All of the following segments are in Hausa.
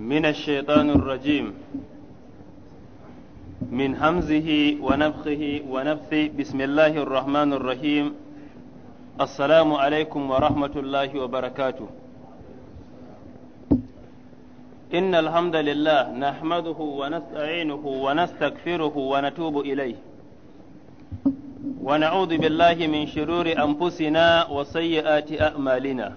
من الشيطان الرجيم من همزه ونفخه ونفثه بسم الله الرحمن الرحيم السلام عليكم ورحمة الله وبركاته إن الحمد لله نحمده ونستعينه ونستغفره ونتوب إليه ونعوذ بالله من شرور أنفسنا وسيئات أعمالنا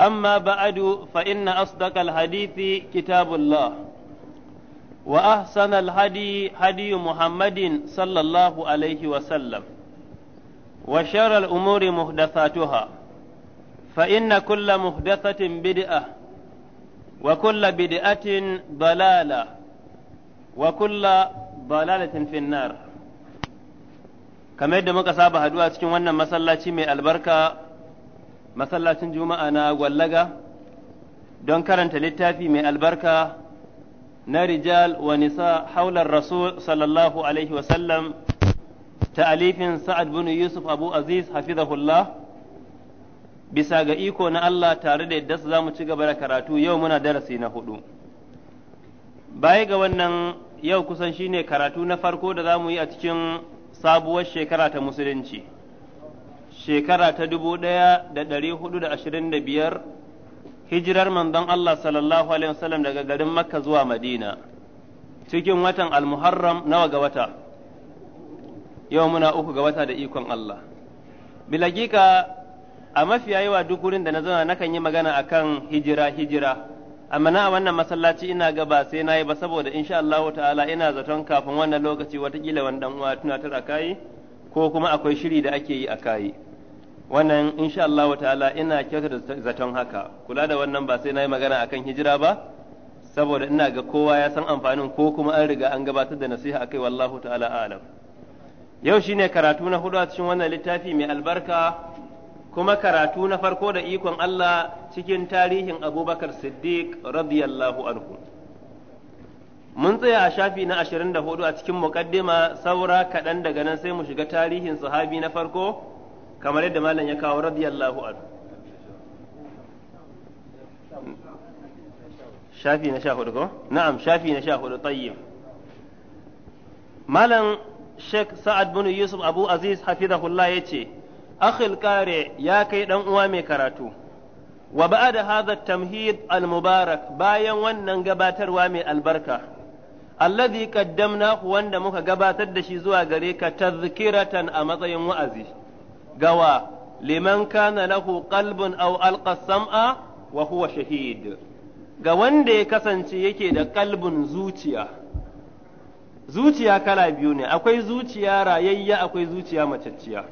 أما بعد فإن أصدق الحديث كتاب الله وأحسن الهدي هدي محمد صلى الله عليه وسلم وشر الأمور محدثاتها فإن كل محدثة بدعة وكل بدعة ضلالة وكل ضلالة في النار كما يدمك صاحب هدوء cikin wannan masallaci mai albarka masallacin juma'a na gwallaga don karanta littafi mai albarka na rijal wa nisa haular rasul sallallahu alaihi wasallam ta'alifin sa'ad bin yusuf abu aziz hafizahullah bisa ga iko na Allah tare da yadda za mu ci gaba da karatu yau muna darasi na hudu baya ga wannan yau kusan shine karatu na farko da za mu yi a cikin sabuwar shekara ta musulunci shekara ta dubu ɗaya da ɗari hudu da ashirin da biyar hijirar manzon Allah sallallahu alaihi wasallam daga garin Makka zuwa Madina cikin watan al nawa ga wata yau muna uku ga wata da ikon Allah bilagika a mafi yawa duk wurin da na zauna nakan yi magana akan hijira hijira amma na wannan masallaci ina ga ba sai yi ba saboda insha Allah ta'ala ina zaton kafin wannan lokaci watakila wani dan tunatar a kayi ko kuma akwai shiri da ake yi a kayi. wannan insha Allah ta'ala ina kyautar zaton haka kula da wannan ba sai na yi magana akan hijira ba saboda ina ga kowa ya san amfanin ko kuma an riga an gabatar da nasiha akai wallahu ta'ala alam yau shine karatu na hudu a cikin wannan littafi mai albarka kuma karatu na farko da ikon Allah cikin tarihin Abubakar Siddiq radiyallahu anhu mun tsaya a shafi na 24 a cikin muqaddima saura kaɗan daga nan sai mu shiga tarihin sahabi na farko kamar yadda malam ya kawo radiyallahu anhu shafi na sha hudu ko na'am shafi na sha hudu tayyib malam Sheikh Sa'ad bin Yusuf Abu Aziz hafizahullah yace akhil kare ya kai dan uwa mai karatu wa ba'da hadha tamhid al-mubarak bayan wannan gabatarwa mai albarka alladhi qaddamnahu wanda muka gabatar da shi zuwa gare ka tadhkiratan a matsayin wa'azi gawa liman kana lahu qalbun aw alqa sam'a wa huwa shahid ga wanda ya kasance yake da kalbin zuciya zuciya kala biyu ne akwai zuciya rayayya akwai zuciya matacciya.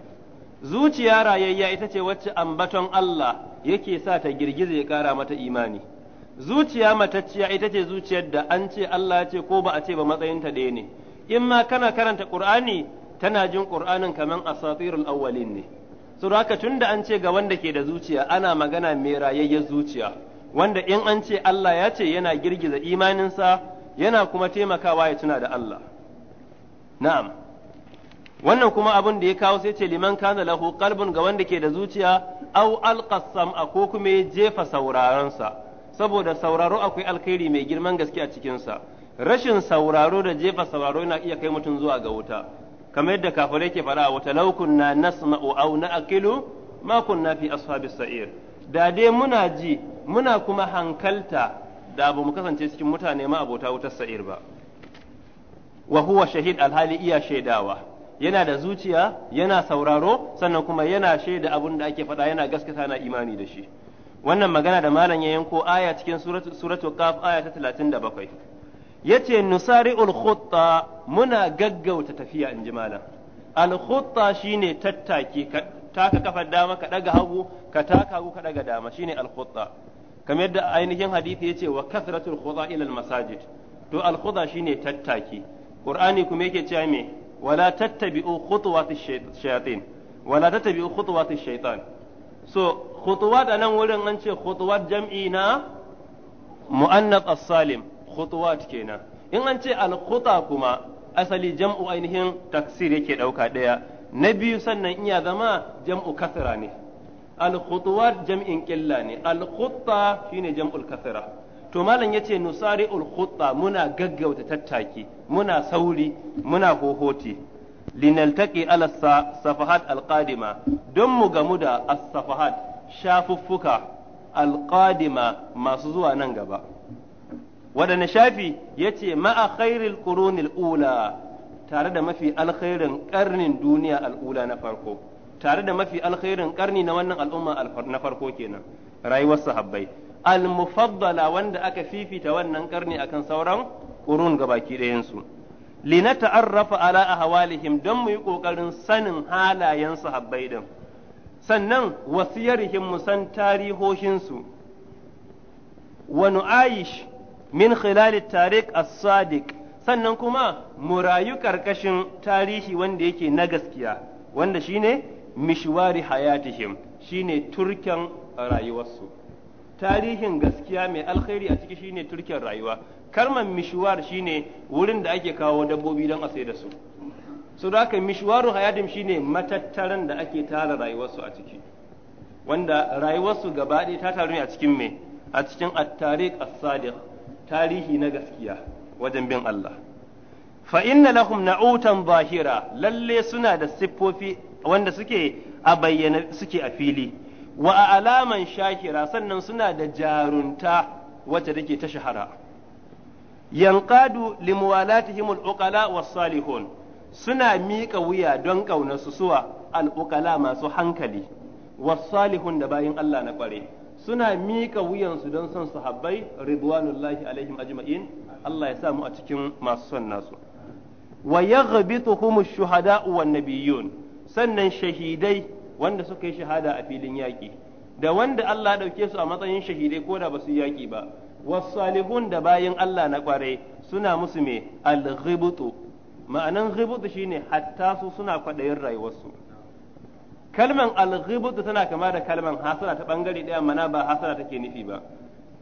zuciya rayayya ita ce wacce ambaton Allah yake sa ta girgiza ya kara mata imani zuciya matacciya ita ce zuciyar da an ce Allah ce ko ba a ce ba matsayin ta ɗaya ne in ma kana karanta Qur'ani tana jin Qur'anin kaman asatirul awwalin ne su tun da an ce ga wanda ke da zuciya ana magana mai rayayyar zuciya wanda in an ce Allah ya ce yana girgiza imaninsa yana kuma taimakawa ya tuna da Allah na'am wannan kuma abin da ya kawo sai ce liman kana lahu qalbun ga wanda ke da zuciya aw alqasam ko kuma ya jefa sauraronsa saboda sauraro akwai alkhairi mai girman gaske a cikin sa, rashin sauraro da jefa sauraro yana iya kai mutum zuwa ga wuta kamar yadda kafirai ke faɗa wata laukun na nasma'u aw akilu, ma kunna fi ashabis sa'ir da dai muna ji muna kuma hankalta da ba mu kasance cikin mutane ma abota wutar sa'ir ba wa huwa shahid alhali iya shaidawa yana da zuciya yana sauraro sannan kuma yana shaida abun da ake faɗa yana gaskata na imani da shi wannan magana da malam ya yanko aya cikin suratul qaf aya ta 37 yace nusari khutta muna gaggauta tafiya in ji malam al khutta shine tattaki ka taka kafar dama ka daga hagu ka taka hagu ka daga dama shine al khutta kamar yadda ainihin hadisi yace wa kasratul khuda ila al masajid to al khudha shine tattaki qur'ani kuma yake cewa me wala tattabi'u khutuwatish shayatin wala tattabi'u khutuwatish shaytan so khutuwat anan wurin an ce khutuwat jam'i na mu'annath as khutuwat kenan in an ce al khuta kuma asali jam'u ainihin taksir yake dauka daya na biyu sannan iya zama jam'u kasra ne al khutuwat jam'in qilla ne al khutta shine jam'ul kasra to malam yace nusari'ul khutta muna gaggauta tattaki muna sauri muna hohoti linaltaki ala safahat alqadima don mu gamu da as-safahat shafuffuka alqadima masu zuwa nan gaba waɗanne shafi ya ce ma'a khairil qurunil ula tare da mafi alkhairin karnin duniya al'ula na farko tare da mafi alkhairin karni na wannan al'umma na farko kenan rayuwar sahabbai al-mufaddala wanda aka fifita wannan karni akan sauran qurun gabaki ɗayan su lina ta'arrafa ala ahwalihim don mu yi kokarin sanin halayen sahabbai din sannan wasiyarihim mu san tarihohinsu su wa min khilali tariq as-sadiq sannan kuma mu rayu karkashin tarihi wanda yake na gaskiya wanda shine mishwari hayatihim shine turken rayuwarsu tarihin gaskiya mai alkhairi a ciki shine turken rayuwa kalmar mishwar shine wurin da ake kawo dabbobi don a da su su da haka mishwaru hayatim shine matattaran da ake tara rayuwarsu a ciki wanda rayuwarsu gaba ɗaya ta taru ne a cikin me a cikin at-tariq as-sadiq tarihi na gaskiya wajen bin Allah fa inna lahum na'utan zahira lalle suna da siffofi wanda suke a bayyana suke a fili wa a alaman shakira sannan suna da jarunta wacce take ta shahara yanqadu limuwalatihim al-uqala was-salihun suna miƙa wuya don ƙaunarsu suwa al masu hankali was-salihun da bayin Allah na ƙware suna miƙa wuyansu don son sahabbai ridwanullahi alaihim ajma'in Allah ya sa mu a cikin masu son nasu wa yaghbituhum ash-shuhada'u wan nabiyyun sannan shahidai wanda suka yi shahada a filin yaƙi da wanda Allah ya dauke su a matsayin shahidai ko da ba su yaƙi ba was-salihun da bayin Allah na kware suna musu me al-ghibtu ma'anan ghibtu shine hatta su suna kwaɗayin rayuwarsu kalman alghibutu tana kama da kalman hasara ta bangare ɗaya mana ba hasara take nufi ba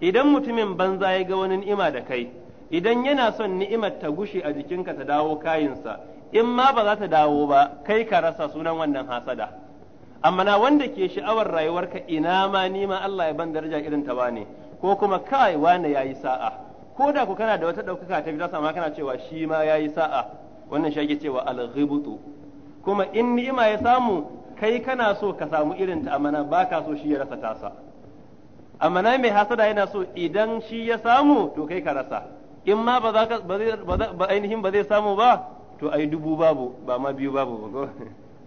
idan mutumin banza ya ga wani ni'ima da kai idan yana son ni'imar ta gushe a jikinka ta dawo kayinsa in ma ba za ta dawo ba kai ka rasa sunan wannan hasada amma na wanda ke sha'awar rayuwarka ina ma ni ma Allah ya ban daraja irin ta bane. ko kuma kai wani yayi sa'a ko da ku kana da wata ɗaukaka ta fita sama kana cewa shi ma yayi sa'a wannan shi ake cewa alghibutu kuma in ni'ima ya samu kai kana so ka samu irin ta amana ba ka so shi ya rasa tasa amana mai hasada yana so idan shi ya samu to kai ka rasa in ma ba ainihin ba zai samu ba to ai dubu babu ba ma biyu babu ba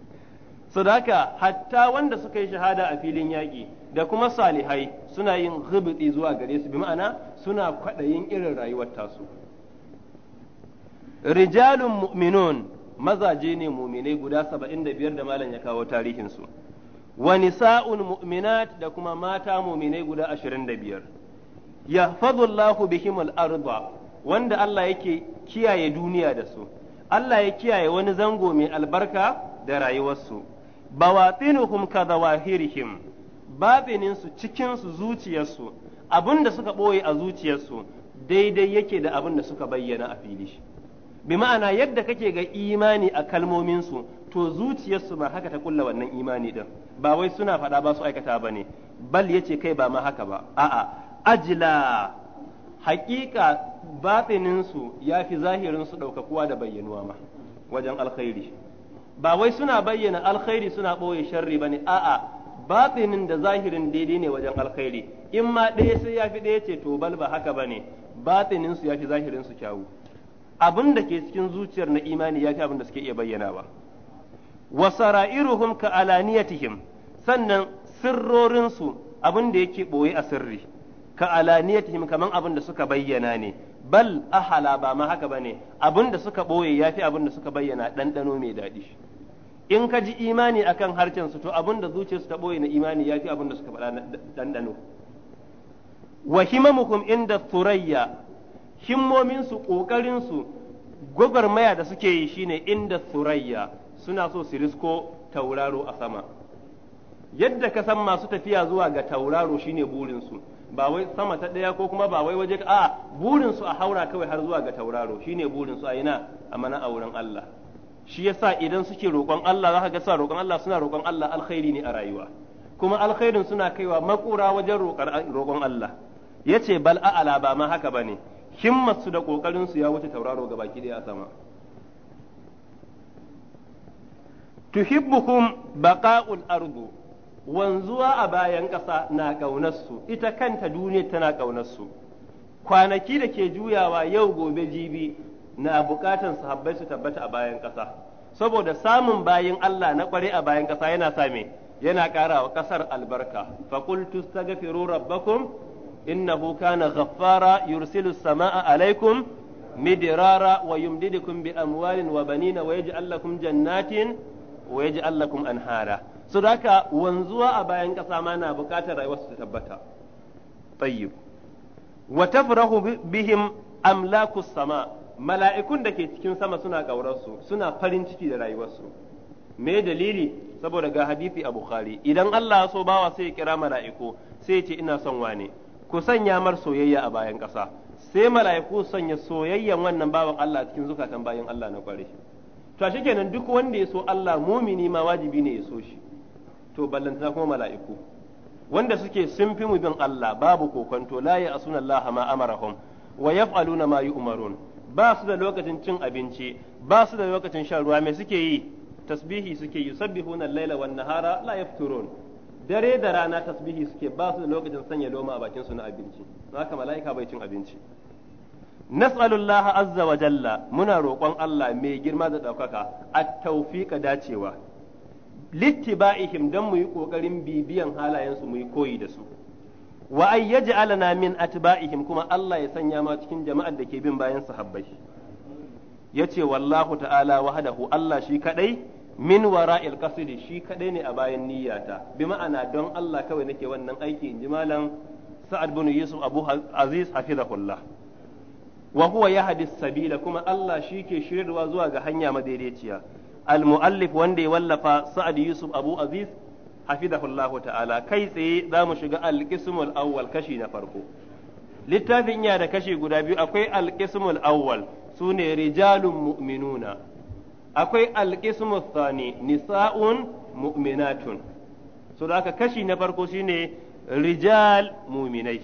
so da hatta wanda suka yi shahada a filin yaki da kuma salihai suna yin ghibti zuwa gare su bi ma'ana suna kwaɗayin irin rayuwar tasu rijalun mu'minun mazaje ne muminai guda saba'in da biyar da malam ya kawo tarihinsu wa nisa'un mu'minat da kuma mata muminai guda ashirin da biyar yahfazullahu bihim al-arba wanda Allah yake kiyaye duniya da su Allah ya kiyaye wani zango mai albarka da rayuwarsu bawatinuhum kadawahirihim batinin su cikin su zuciyarsu abin da suka ɓoye a zuciyarsu daidai yake da abin da suka bayyana a fili shi. bi ma'ana yadda kake ga imani a kalmominsu to zuciyarsu ma haka ta kulla wannan imani din ba wai suna faɗa ba su aikata ba ne bal yace kai ba ma haka ba a'a ajila haƙiƙa batsininsu ya fi zahirinsu ɗaukakuwa da bayyanuwa ma wajen alkhairi ba wai suna bayyana alkhairi suna ɓoye sharri ba ne a'a batsinin da zahirin daidai ne wajen alkhairi in ma ɗaya sai ya fi ɗaya ce to bal ba haka ba ne batsininsu ya fi zahirinsu kyawu abin da ke cikin zuciyar na imani ya fi abin da suke iya bayyana ba. wa sara'iruhum ka alaniyatihim sannan sirrorinsu abin da yake boye a sirri ka alaniyatihim kaman abin da suka bayyana ne bal ahala ba ma haka bane abin da suka boye ya fi abin da suka bayyana ɗanɗano mai daɗi in ka ji imani akan kan su to abin da zuciyarsu ta boye na imani ya fi abin da suka faɗa ɗanɗano wa himamukum inda surayya himmominsu ƙoƙarinsu gwagwarmaya da suke yi shine inda surayya suna so su risko tauraro a sama yadda ka san masu tafiya zuwa ga tauraro shine burinsu ba wai sama ta ɗaya ko kuma ba wai waje a burinsu a haura kawai har zuwa ga tauraro shine burinsu a yana a mana a wurin Allah shi yasa idan suke roƙon Allah za ka ga suna roƙon Allah suna roƙon Allah alkhairi ne a rayuwa kuma alkhairin suna kaiwa makura wajen roƙon Allah yace bal a'ala ba ma haka bane himmatsu da ƙoƙarinsu ya wuce tauraro ga baki ɗaya a sama tuhibbukum baqa'ul ardu wanzuwa a bayan ƙasa na ƙaunarsu ita kanta duniya tana su kwanaki da ke juyawa yau gobe jibi na bukatan sahabbai su tabbata a bayan ƙasa saboda samun bayin Allah na ƙware a bayan ƙasa yana same yana ƙara wa ƙasar albarka faqultu astaghfiru rabbakum Inna kana ghaffara yursilu samaa alaikum midirara wa yumdidukum bi amwalin wa banina wa yaj'al lakum jannatin wa yaj'al lakum anhara so wanzuwa a bayan kasa ma na bukatar rayuwar su tabbata tayyib wa tafrahu bihim sama mala'ikun da ke cikin sama suna ƙaurarsu suna farin ciki da rayuwarsu me dalili saboda ga hadisi a bukhari idan Allah so bawa sai ya kira mala'iku sai ya ce ina son wane ku sanya mar soyayya a bayan ƙasa sai mala'iku sanya soyayyan wannan bawan Allah cikin zukatan bayan Allah na kware to a kenan duk wanda ya so Allah mumini ma wajibi ne ya so shi to ballantana kuma mala'iku wanda suke sun fi mu bin Allah babu kokonto la ya asuna Allah ma amarahum wa yaf'aluna ma yu'marun ba su da lokacin cin abinci ba su da lokacin shan ruwa me suke yi tasbihi suke yi al-laila wan nahara la yafturun dare da rana tasbihi suke ba su da lokacin sanya loma a bakin su na abinci haka mala'ika bai cin abinci nas'alullah azza wa jalla muna roƙon Allah mai girma da ɗaukaka at-tawfiqa dacewa littiba'ihim dan mu yi ƙoƙarin bibiyan halayensu mu yi koyi da su wa ay yaj'alana min atba'ihim kuma Allah ya sanya ma cikin jama'ar da ke bin bayan sahabbai yace wallahu ta'ala wahdahu Allah shi kadai min wara'il qasdi shi kadai ne a bayan niyyata bi ma'ana don Allah kawai nake wannan aiki inji malam Sa'ad bin Yusuf Abu Aziz hafizahullah wa huwa yahdi sabila kuma Allah shi ke shirarwa zuwa ga hanya madaidaiciya al muallif wanda ya wallafa Sa'ad Yusuf Abu Aziz hafizahullah ta'ala kai tsaye za mu shiga al-qismul awwal kashi na farko littafin ya da kashi guda biyu akwai al-qismul awwal sune rijalun mu'minuna akwai alƙismu nisa'un mu'minatun so da aka kashi na farko shine rijal muminai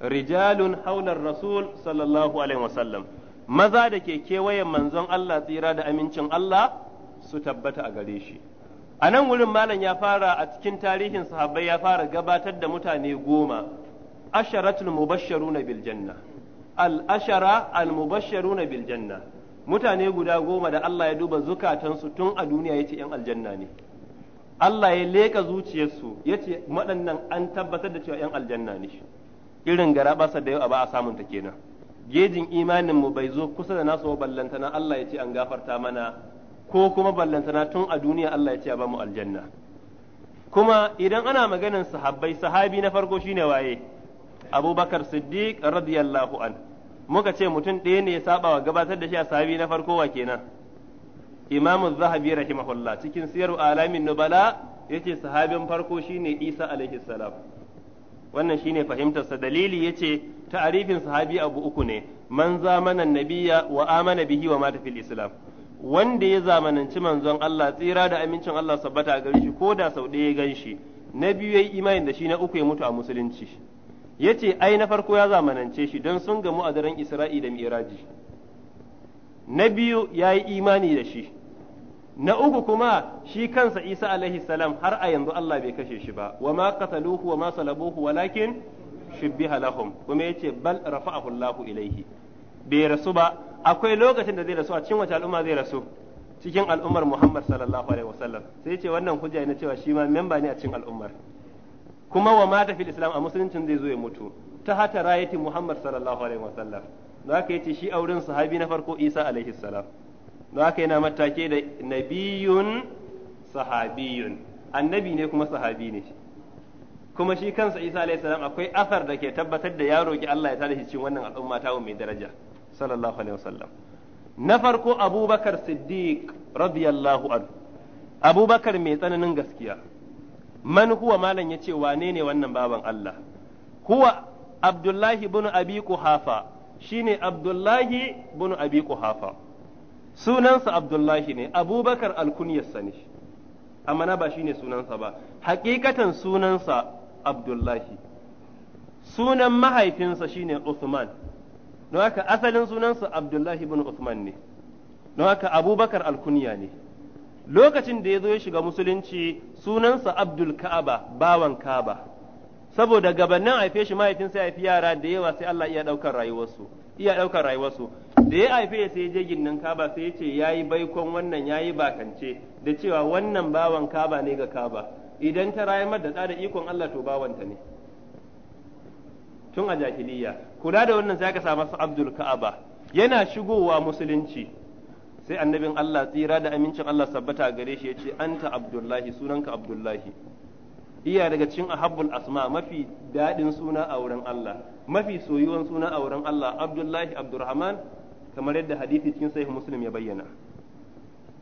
rijalun haular rasul sallallahu alaihi wasallam maza da ke kewayen manzon Allah tsira da amincin Allah su tabbata a gare shi a nan wurin malam ya fara a cikin tarihin sahabbai ya fara gabatar da mutane goma asharatul mubashsharuna bil janna al ashara al mubashsharuna bil janna mutane guda goma da Allah ya duba zukatansu tun a duniya ya ce ‘yan aljanna ne. Allah ya leka zuciyarsu ya ce waɗannan an tabbatar da cewa ‘yan aljanna ne. Irin garaɓasa da yau a ba a samunta kenan. Gejin imaninmu bai zo kusa da nasu ballantana Allah ya ce an gafarta mana ko kuma ballantana tun a duniya Allah ya ce a ba mu aljanna. Kuma idan ana maganin sahabbai sahabi na farko shine waye? Abubakar Siddiq radiyallahu an. muka ce mutum ɗaya ne ya saba wa gabatar da shi a sahabi na farko wa kenan imamu zahabi rahimahullah cikin siyar alamin nubala ya ce sahabin farko shi ne isa alaihi salam wannan ne fahimtarsa dalili ya yace ta'arifin sahabi abu uku ne man zamana nabiya wa amana bihi wa mata fil islam wanda ya zamananci manzon Allah tsira da amincin Allah sabbata a gare shi ko da sau ɗaya ya gan shi na biyu ya yi imani da shi na uku ya mutu a musulunci ya ce ai na farko ya zamanance shi don sun gamu a daren Isra'i da Miraji na biyu ya yi imani da shi na uku kuma shi kansa Isa alaihi salam har a yanzu Allah bai kashe shi ba wa ma qataluhu wa ma salabuhu walakin shubbiha lahum kuma ce bal rafa'ahu Allah ilaihi bai rasu ba akwai lokacin da zai rasu a cikin wace al'umma zai rasu cikin al'ummar Muhammad sallallahu alaihi wasallam sai ce wannan hujja ne cewa shi ma memba ne a cikin al'ummar kuma wa mata fil islam a musuluncin zai zo ya mutu ta hata rayati muhammad sallallahu alaihi wasallam da aka yace shi auren sahabi na farko isa alaihi salam da aka yana matake da nabiyun sahabiyun annabi ne kuma sahabi ne shi kuma shi kansa isa alaihi salam akwai asar da ke tabbatar da ya ki Allah ya tada shi cikin wannan al'umma ta mai daraja sallallahu alaihi wasallam na farko abubakar siddiq radiyallahu anhu abubakar mai tsananin gaskiya man huwa malam ce wane ne wannan baban Allah huwa Abdullahi bin Abi kuhafa shine Abdullahi bin Abi kuhafa sunansa Abdullahi ne Abubakar alkunyarsa ne amma na ba shine sunansa ba hakikatan sunansa Abdullahi sunan mahaifinsa shine Uthman don haka asalin sunansa Abdullahi bin Uthman ne don haka Abubakar alkunya ne lokacin da ya zo ya shiga musulunci sunansa abdul ka'aba bawan ka'aba saboda gabanin haife shi mahaifinsa ya haifi yara da yawa sai Allah iya daukar rayuwarsu iya daukar rayuwarsu da ya haife sai je ginnin Ka'aba sai ya ce yayi baikon wannan yayi bakance da cewa wannan bawan Ka'aba ne ga Ka'aba? idan ta rayar da tsada ikon Allah to bawanta ne tun a jahiliya kula da wannan sai aka samu Abdul Ka'aba yana shigowa musulunci sai annabin Allah tsira da amincin Allah sabbata gare shi ya ce anta abdullahi sunanka abdullahi iya daga cikin ahabbul asma mafi daɗin suna a wurin Allah mafi soyuwan suna a wurin Allah abdullahi abdurrahman kamar yadda hadisi cikin sahih muslim ya bayyana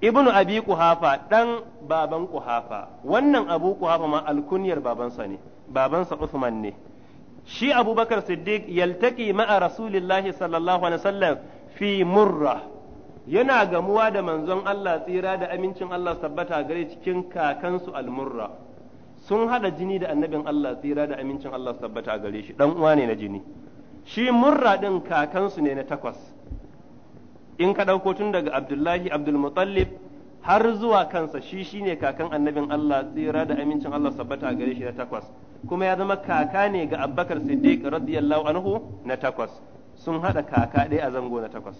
ibnu abi kuhafa dan baban kuhafa wannan abu kuhafa ma alkunyar babansa ne babansa usman ne shi abubakar siddiq yaltaki ma'a rasulillahi sallallahu alaihi wasallam fi murra yana gamuwa da manzon Allah tsira da amincin Allah tabbata gare cikin kakansu almurra sun hada jini da annabin Allah tsira da amincin Allah tabbata gare shi dan uwa ne na jini shi murra din kakansu ne na takwas in ka dauko tun daga Abdullahi Abdulmutallib har zuwa kansa shi shine kakan annabin Allah tsira da amincin Allah sabbata gare shi na takwas kuma ya zama kaka ne ga Abubakar Siddiq radiyallahu anhu na takwas sun hada kaka ɗaya a zango na takwas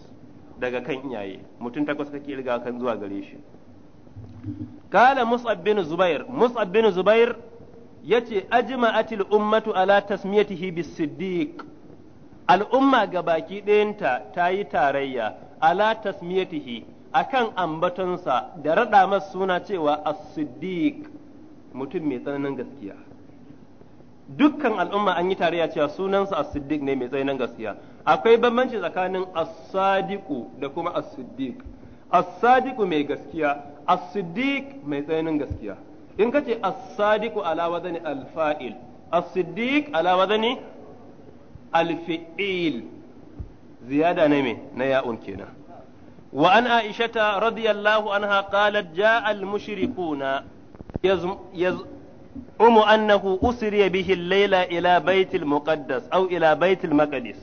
daga kan iyaye mutum takwas kake riga kan zuwa gare shi kala mus'ab bin zubair mus'ab bin zubair yace ajma'atil ummatu ala tasmiyatihi bis siddiq al'umma gabaki ɗayanta ta yi tarayya ala tasmiyatihi akan ambatonsa da raɗa masa suna cewa as-siddiq mutum mai tsananin gaskiya dukkan al'umma an yi tarayya cewa sunansa as-siddiq ne mai tsananin gaskiya akwai bambanci tsakanin as-sadiqu da kuma as-siddiq as-sadiqu mai gaskiya as-siddiq mai tsananin gaskiya in kace as-sadiqu ala wadani al-fa'il as-siddiq ala wadani al-fi'il ziyada ne me na ya'un kenan wa an aishata radiyallahu anha qalat ja'a al-mushrikuna yaz'umu annahu usriya bihi al-layla ila baytil muqaddas aw ila baytil maqdis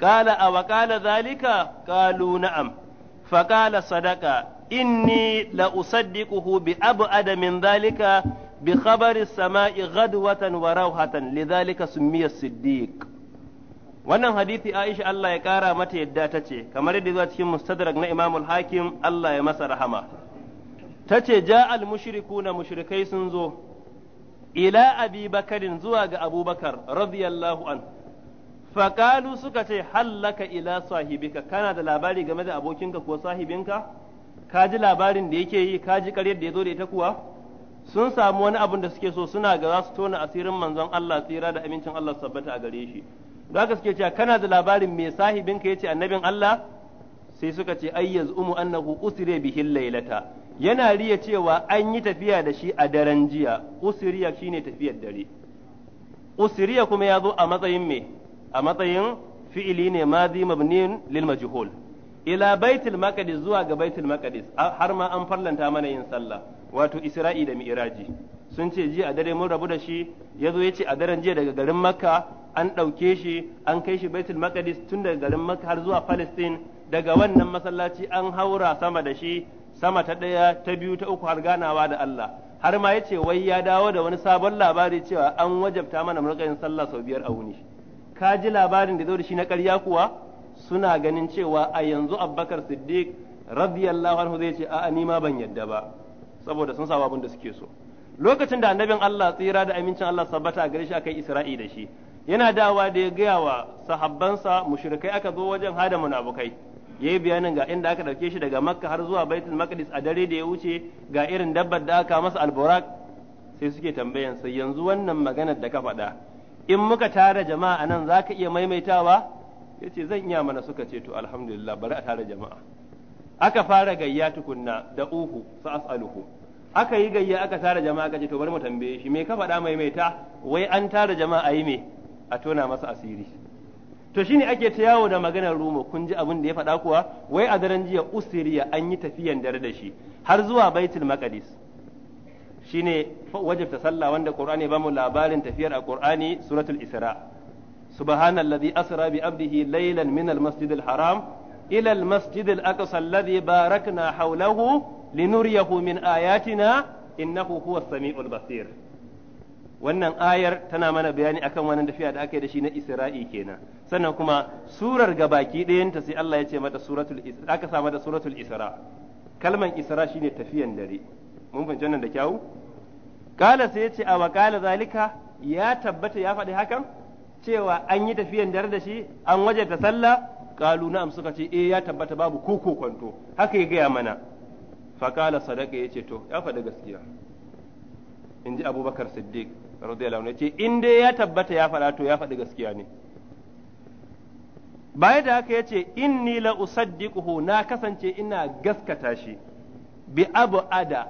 qala aw qala zalika qalu na'am fa qala sadaqa inni la usaddiquhu bi abu adamin zalika bi khabari samai ghadwatan wa rawhatan sun miya siddiq wannan hadithi Aisha Allah ya kara mata yadda ta ce kamar yadda zuwa cikin mustadrak na Imamul Hakim Allah ya masa rahama ta ce ja'al na mushrikai sun zo ila Abi Bakarin zuwa ga Abubakar radiyallahu an fakalu suka ce hallaka ila sahibika kana da labari game da abokinka ko sahibinka ka ji labarin da yake yi ka ji karyar da ya zo da ita kuwa sun samu wani abin da suke so suna ga za su tona asirin manzon Allah tsira da amincin Allah sabbata a gare shi don haka suke cewa kana da labarin me sahibinka yace annabin Allah sai suka ce ayyaz umu annahu usire bihi laylata yana riya cewa an yi tafiya da shi a daren jiya usiriya shine tafiyar dare usiriya kuma ya zo a matsayin me a matsayin fi'ili ne madi mabniun lil majhul ila baitul maqdis zuwa ga baitul maqdis har ma an farlanta mana yin sallah wato isra'i da mi'raji sun ce ji a dare mun rabu da shi ya zo ya ce a daren jiya daga garin makka an ɗauke shi an kai shi baitul maqdis tun daga garin makka har zuwa palestine daga wannan masallaci an haura sama da shi sama ta ɗaya ta biyu ta uku har ganawa da allah har ma ya ce wai ya dawo da wani sabon labari cewa an wajabta mana murƙayin sallah sau biyar a wuni ka ji labarin da zo da shi na ƙarya kuwa suna ganin cewa a yanzu Abubakar Siddiq radiyallahu anhu zai ce a'a ni ma ban yadda ba saboda sun sa abin da suke so lokacin da annabin Allah tsira da amincin Allah sabbata a gare shi akai Isra'i da shi yana dawa da ya gaya wa sahabbansa mushrikai aka zo wajen hada munafukai yayi bayanin ga inda aka dauke shi daga Makka har zuwa Baitul Maqdis a dare da ya wuce ga irin dabbar da aka masa alburak sai suke tambayan sai yanzu wannan maganar da ka faɗa in muka tara jama'a nan za ka iya maimaitawa ya ce zan iya mana suka ce to alhamdulillah bari a tara jama'a aka fara gayya tukunna da uhu sa as'aluhu aka yi gayya aka tara jama'a ka ce to bari mu tambaye shi me ka faɗa maimaita wai an tara jama'a yi me a tona masa asiri to shine ake ta yawo da maganar rumo kun ji abin da ya faɗa kuwa wai a daren jiya usiriya an yi tafiyan dare da shi har zuwa baitul maqdis shine wajibta sallah wanda qur'ani bamu labarin tafiyar a qur'ani suratul isra subhanallazi asra bi abdihi laylan min almasjidil haram ila almasjidil aqsa alladhi barakna hawlahu linuriyahu min ayatina innahu huwas samiul basir wannan ayar tana mana bayani akan wannan tafiya da aka yi da shi na Isra'i kenan sannan kuma surar gabaki ɗayanta sai Allah ya ce mata suratul Isra aka sa mata suratul Isra kalman Isra shine tafiyan dare mun fahimci wannan da kyau kala sai ya ce a wakala zalika ya tabbata ya faɗi hakan cewa an yi tafiyan dare da shi an waje ta sallah kalu na'am suka ce eh ya tabbata babu koko kwanto haka ya gaya mana fa kala sadaka ya ce to ya faɗi gaskiya in ji abubakar siddiq radiyallahu anhu yace ce in dai ya tabbata ya faɗa to ya faɗi gaskiya ne baya da haka yace inni la usaddiquhu na kasance ina gaskata shi bi abu ada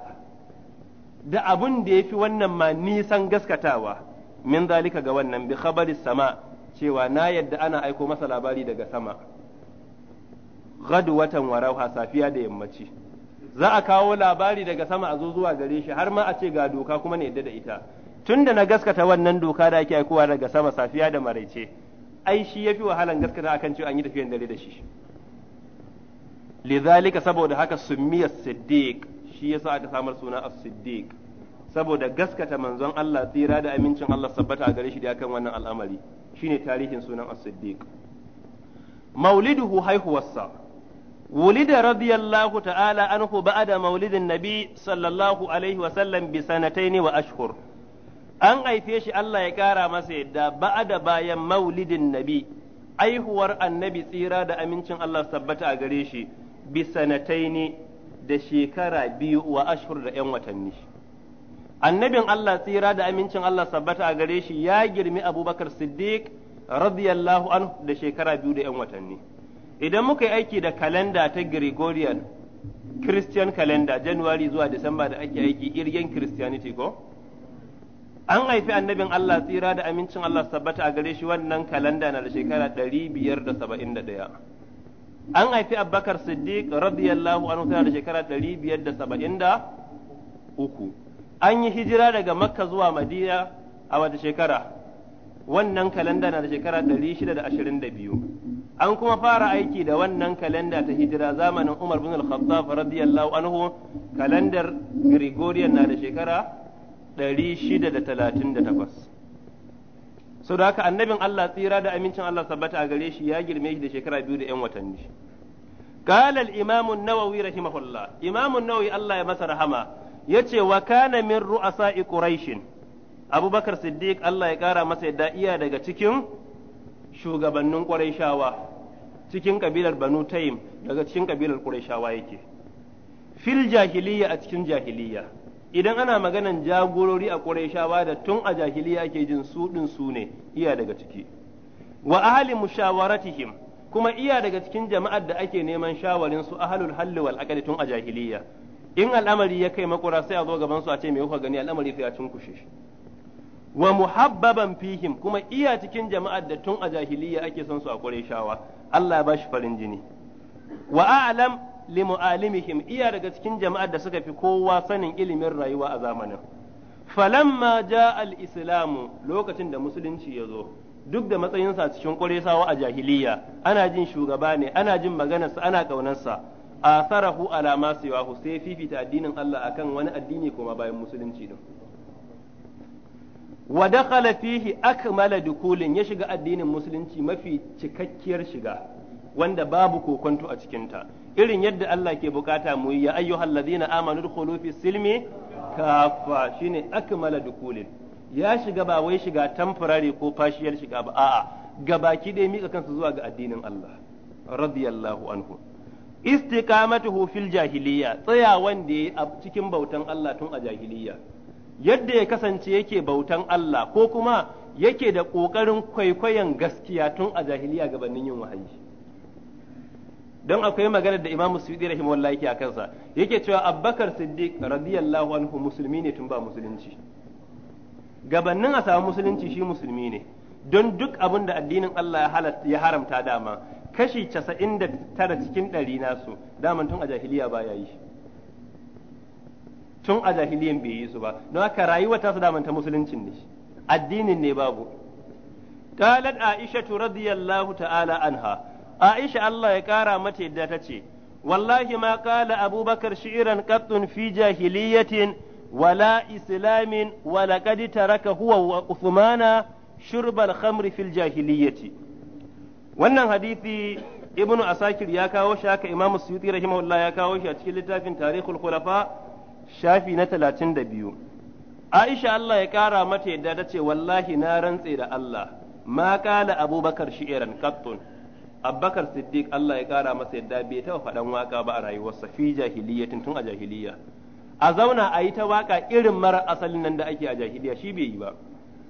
da abun da ya fi wannan ma nisan gaskatawa min zalika ga wannan bi khabari sama cewa na yadda ana aiko masa labari daga sama watan warauha safiya da yammaci za a kawo labari daga sama a zo zuwa gare shi har ma a ce ga doka kuma ne yadda da ita tunda na gaskata wannan doka da ake aikowa daga sama safiya da maraice ai shi ya fi wahalan gaskata akan cewa an yi tafiyan dare da shi lidhalika saboda haka summiya siddiq shi yasa aka samar suna as-siddiq saboda gaskata manzon Allah tsira da amincin Allah sabbata a gare shi da kan wannan al'amari shine tarihin sunan as-siddiq mauliduhu haihuwarsa wulida radiyallahu ta'ala anhu ba'da maulidin nabi sallallahu alaihi wa sallam bi sanataini wa ashhur an haife shi Allah ya kara masa yadda ba'da bayan maulidin nabi aihuwar annabi tsira da amincin Allah sabbata a gare shi bi sanataini da shekara biyu wa ashhur da ‘yan watanni. Annabin Allah tsira da amincin Allah sabbata a gare shi ya girmi Abubakar Siddiq radiyallahu anhu da shekara biyu da ‘yan watanni. Idan muka yi aiki da kalanda ta Gregorian Christian calendar January zuwa Disamba da ake aiki irgen Christianity ko? An haifi annabin Allah tsira da amincin Allah sabbata a gare shi wannan kalanda na da shekara ɗari biyar ɗaya. an haifi Abubakar Siddiq radiyallahu anhu tana da shekara biyar da da saba'in uku an yi hijira daga Makka zuwa Madina a wata shekara wannan kalanda na da shekara shida da da ashirin biyu an kuma fara aiki da wannan kalanda ta hijira zamanin Umar bin Al-Khattab radiyallahu anhu kalandar Gregorian na da shekara shida da da talatin takwas. sau da haka annabin Allah tsira da amincin Allah sabbata a gare shi ya girme shi da shekara biyu da 'yan watanni shi kalal imamun nawawi rahimahullah imamun nawawi Allah ya masa rahama ya ce wa kana min ru'asa ikurashin abubakar siddiq Allah ya kara masa yadda iya daga cikin shugabannin ƙwarashawa cikin ƙabilar banu ta daga cikin ƙabilar ƙwarashawa yake fil jahiliya a cikin jahiliya idan ana maganan jagorori a Qurayshawa da tun a jahiliya ake jin su ɗin su ne iya daga ciki wa ahli mushawaratihim kuma iya daga cikin jama'ar da ake neman shawarin su ahlul halli wal aqdi tun a jahiliya in al'amari ya kai makura sai a zo gaban su a ce me kuka gani al'amari sai a cinkushe shi wa muhabbaban fihim kuma iya cikin jama'ar da tun a jahiliya ake son su a Qurayshawa Allah ba shi farin jini wa a'lam li mu'alimihim iya daga cikin jama'ar da suka fi kowa sanin ilimin rayuwa a zamanin falamma ja al-islamu lokacin da musulunci ya zo duk da matsayin sa cikin ƙuresawa a jahiliya ana jin shugaba ne ana jin maganar sa ana ƙaunarsa asarahu ala ma siwahu sai fifita addinin Allah akan wani addini kuma bayan musulunci din wa dakhala fihi akmala dukulin ya shiga addinin musulunci mafi cikakkiyar shiga wanda babu kokonto a cikinta irin yadda Allah ke bukata mu ya ayyuhal ladina amanu dukhulu fi silmi kafa shine akmala dukulin ya shiga ba wai shiga temporary ko fashiyar shiga ba a'a gabaki dai mika kansu zuwa ga addinin Allah radiyallahu anhu istiqamatuhu fil jahiliya tsayawan da a cikin bautan Allah tun a jahiliya yadda ya kasance yake bautan Allah ko kuma yake da kokarin kwaikwayon gaskiya tun a jahiliya gabanin yin wahayi don akwai maganar da Imam Suyuti rahima wallahi a kansa yake cewa Abubakar Siddiq radiyallahu anhu musulmi ne tun ba musulunci gabannin a samu musulunci shi musulmi ne don duk abin da addinin Allah ya haramta dama kashi casa'in da tara cikin ɗari nasu daman tun a jahiliya ba ya yi tun a jahiliyan bai yi su ba don haka rayuwa ta su daman ta musuluncin ne addinin ne babu qalat Aishatu radiyallahu ta'ala anha Aisha Allah ya ƙara mata yadda ta ce, Wallahi ma ƙala abubakar shi'iran ƙattun fi jahiliyatin wala islamin wala ƙadi taraka huwa wa Uthmana shurbal khamri fil jahiliyati. Wannan hadisi Ibn Asakir ya kawo shi haka Imam Suyuti rahimahullah ya kawo shi a cikin littafin Tarikhul Khulafa shafi na talatin da biyu. Aisha Allah ya ƙara mata yadda ta ce wallahi na rantse da Allah ma ƙala abubakar shi'iran ƙattun. abbakar siddiq Allah ya kara masa yadda bai taba faɗan waka ba a rayuwarsa fi jahiliya tun a jahiliya a zauna a yi ta waka irin mara asalin nan da ake a jahiliya shi bai yi ba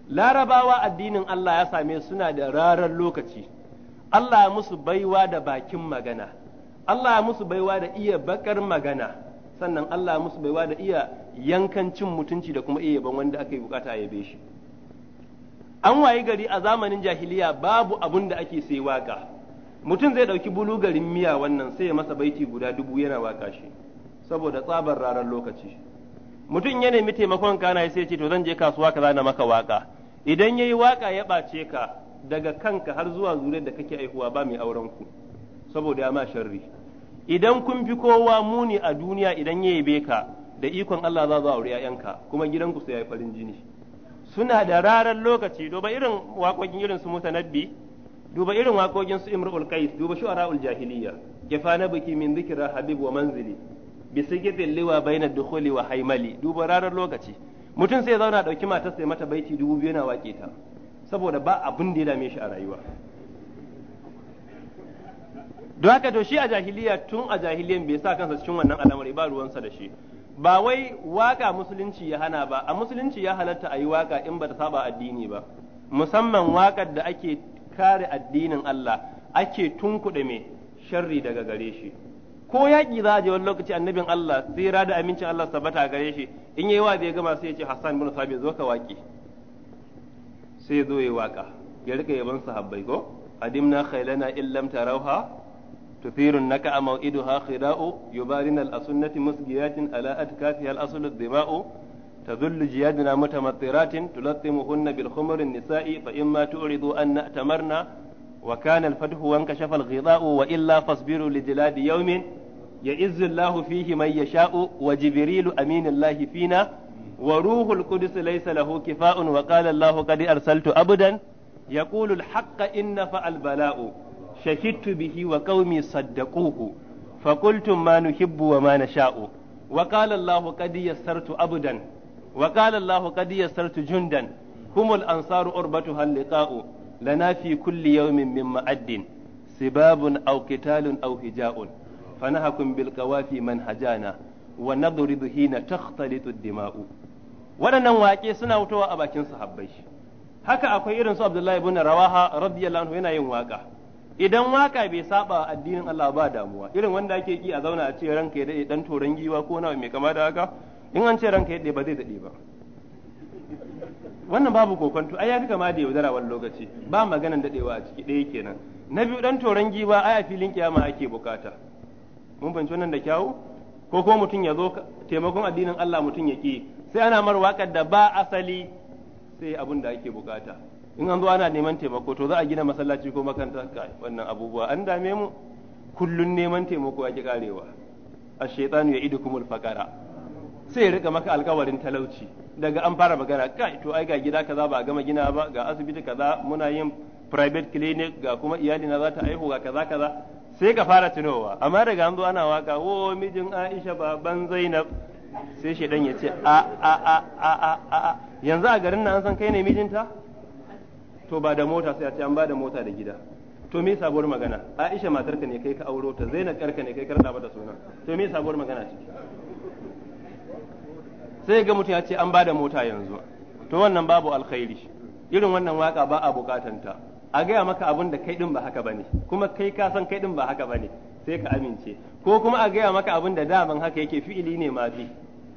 larabawa addinin Allah ya same suna da rarar lokaci Allah ya musu baiwa da bakin magana Allah ya musu baiwa da iya bakar magana sannan Allah ya musu baiwa da iya yankancin mutunci da kuma iya ban wanda aka yi bukata ya yabe shi an wayi gari a zamanin jahiliya babu abun da ake sai waka mutum zai ɗauki garin miya wannan sai ya masa baiti guda dubu yana waka shi saboda tsabar ranar lokaci mutum ya nemi taimakon kana sai ya ce to zan je kasuwa kaza na maka waka idan yayi waka ya ɓace ka daga kanka har zuwa zuriyar da kake aihuwa ba mai auren ku saboda ya ma sharri idan kun fi kowa muni a duniya idan yayi beka da ikon Allah za zo aure ƴaƴanka kuma gidanku sai yayi farin jini suna da rarar lokaci doba irin waƙoƙin irin su mutanabbi duba irin wakokin su imru qais duba shu'ara'ul jahiliya kifa na biki min dhikra habib wa manzili bi sigitin liwa bayna dukhuli wa haimali duba ranar lokaci mutum sai ya zauna dauki mata sai mata baiti dubu biyu na waƙe ta saboda ba abin da ya dame shi a rayuwa don haka to shi a jahiliya tun a jahiliyan bai sa kansa cikin wannan al'amari ba ruwansa da shi ba wai waka musulunci ya hana ba a musulunci ya halatta a yi waka in ba ta saba addini ba musamman wakar da ake kare addinin Allah ake tunkuɗe mai sharri daga gare shi ko yaƙi za a je wani lokaci annabin Allah tsira da amincin Allah sabata gare shi in yayi wa bai gama sai ya ce Hassan bin Sabi zo ka waƙi sai zo ya waƙa ya rika yaban sahabbai ko adimna khailana illam tarawha تثير النكع موئدها خداء يبارن الأسنة مسجيات على أتكافها الأصل الدماء تذل جيادنا متمطرات تلطمهن بالخمر النساء فإما تعرضوا أن أتمرنا وكان الفتح وانكشف الغطاء وإلا فاصبروا لجلاد يوم يعز الله فيه من يشاء وجبريل أمين الله فينا وروح القدس ليس له كفاء وقال الله قد أرسلت أبدا يقول الحق إن البلاء شهدت به وقومي صدقوه فقلتم ما نحب وما نشاء وقال الله قد يسرت أبدا wa qala Allahu qad yassartu jundan humul ansaru urbatu halqa'u lana fi kulli yawmin min ma'addin sibabun aw qitalun aw hija'un fanahakum bil qawafi man hajana wa nadridu hina takhtalitu ad-dima'u waɗannan waƙe suna wutowa a bakin sahabbai haka akwai irin su Abdullahi ibn Rawaha radiyallahu anhu yana yin waƙa idan waka bai saba addinin Allah ba damuwa irin wanda ake ki a zauna a ce ranka ya dade dan toran giwa ko nawa mai kama da haka in an ce ranka ya ba zai daɗe ba wannan babu kokonto ai ya fi kama da yaudara wani lokaci ba maganan daɗewa a ciki ɗaya kenan na biyu dan toron giwa ai a filin kiyama ake bukata mun fahimci wannan da kyau ko ko mutum ya zo taimakon addinin Allah mutum ya ki sai ana mar waƙar da ba asali sai abun da ake bukata in an zo ana neman taimako to za a gina masallaci ko makaranta ka wannan abubuwa an dame mu kullun neman taimako ake karewa ya idi ya'idukumul fakara sai ya rika maka alkawarin talauci daga an fara magana kai to ai ga gida kaza ba a gama gina ba ga asibiti kaza muna yin private clinic ga kuma iyali na za ta aihu ga kaza kaza sai ka fara tunowa amma daga an zo ana waka wo mijin Aisha baban Zainab sai shi ya ce a a a a a a yanzu a garin nan an san kai ne mijinta to ba da mota sai a ce an ba da mota da gida to me sabuwar magana Aisha matarka ne kai ka auro ta Zainab karka ne kai ka ba da suna to me sabuwar magana ce sai ga mutum ya ce an da mota yanzu to wannan babu alkhairi irin wannan waka ba a bukatanta a gaya maka abin da kai din ba haka bane kuma kai ka san kai din ba haka bane sai ka amince ko kuma a gaya maka abin da daman haka yake fi'ili ne ma bi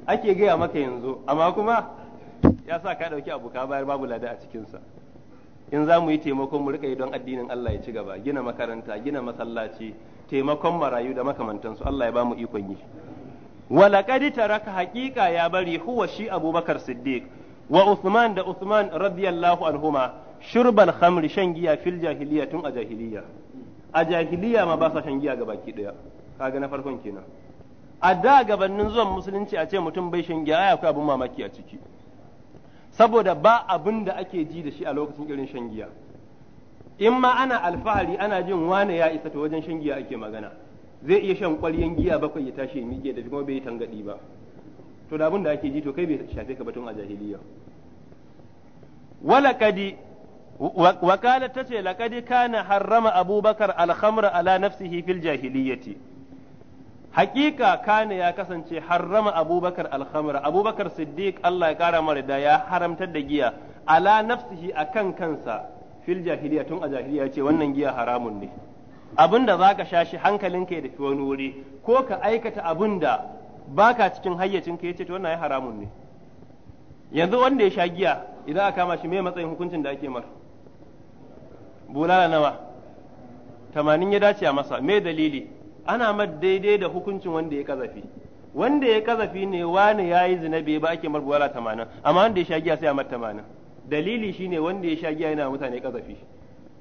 ake gaya maka yanzu amma kuma ya sa ka dauki abu ka bayar babu lada a cikinsa in za mu yi taimako mu rika yi don addinin Allah ya ci gaba gina makaranta gina masallaci taimakon marayu da makamantansu Allah ya ba mu ikon yi walaqad taraka haqiqa ya bari huwa shi abubakar siddiq wa usman da usman radiyallahu anhuma shurbal khamri shan giya fil tun a jahiliya a jahiliya ma ba sa shan giya baki daya kaga na farkon kenan a da gabanin zuwan musulunci a ce mutum bai shan giya kai abin mamaki a ciki saboda ba abin da ake ji da shi a lokacin irin shan giya in ma ana alfahari ana jin wane ya isa ta wajen shan giya ake magana zai iya shan ƙwaryan giya bakwai ya tashi miƙe da kuma bai yi tangaɗi ba to da abin da ake ji to kai bai shafe ka batun a jahiliya wala kadi wakala ta ce lakadi kana harrama abubakar alhamra ala nafsihi fil jahiliyyati hakika kana ya kasance harrama abubakar alhamra abubakar siddiq Allah ya kara mara ya haramtar da giya ala nafsihi akan kansa fil jahiliya tun a jahiliya ce wannan giya haramun ne abin da za ka sha shi hankalin ka da wani wuri ko ka aikata abin da baka cikin hayyacin ka yace to wannan ya haramun ne yanzu wanda ya sha giya idan aka kama shi me matsayin hukuncin da ake mar bulala nawa tamanin ya dace a masa me dalili ana mar daidai da hukuncin wanda ya kazafi wanda ya kazafi ne wani ya yi zinabe ba ake mar bulala tamanin amma wanda ya sha giya sai a mar tamanin dalili shine wanda ya sha giya yana mutane kazafi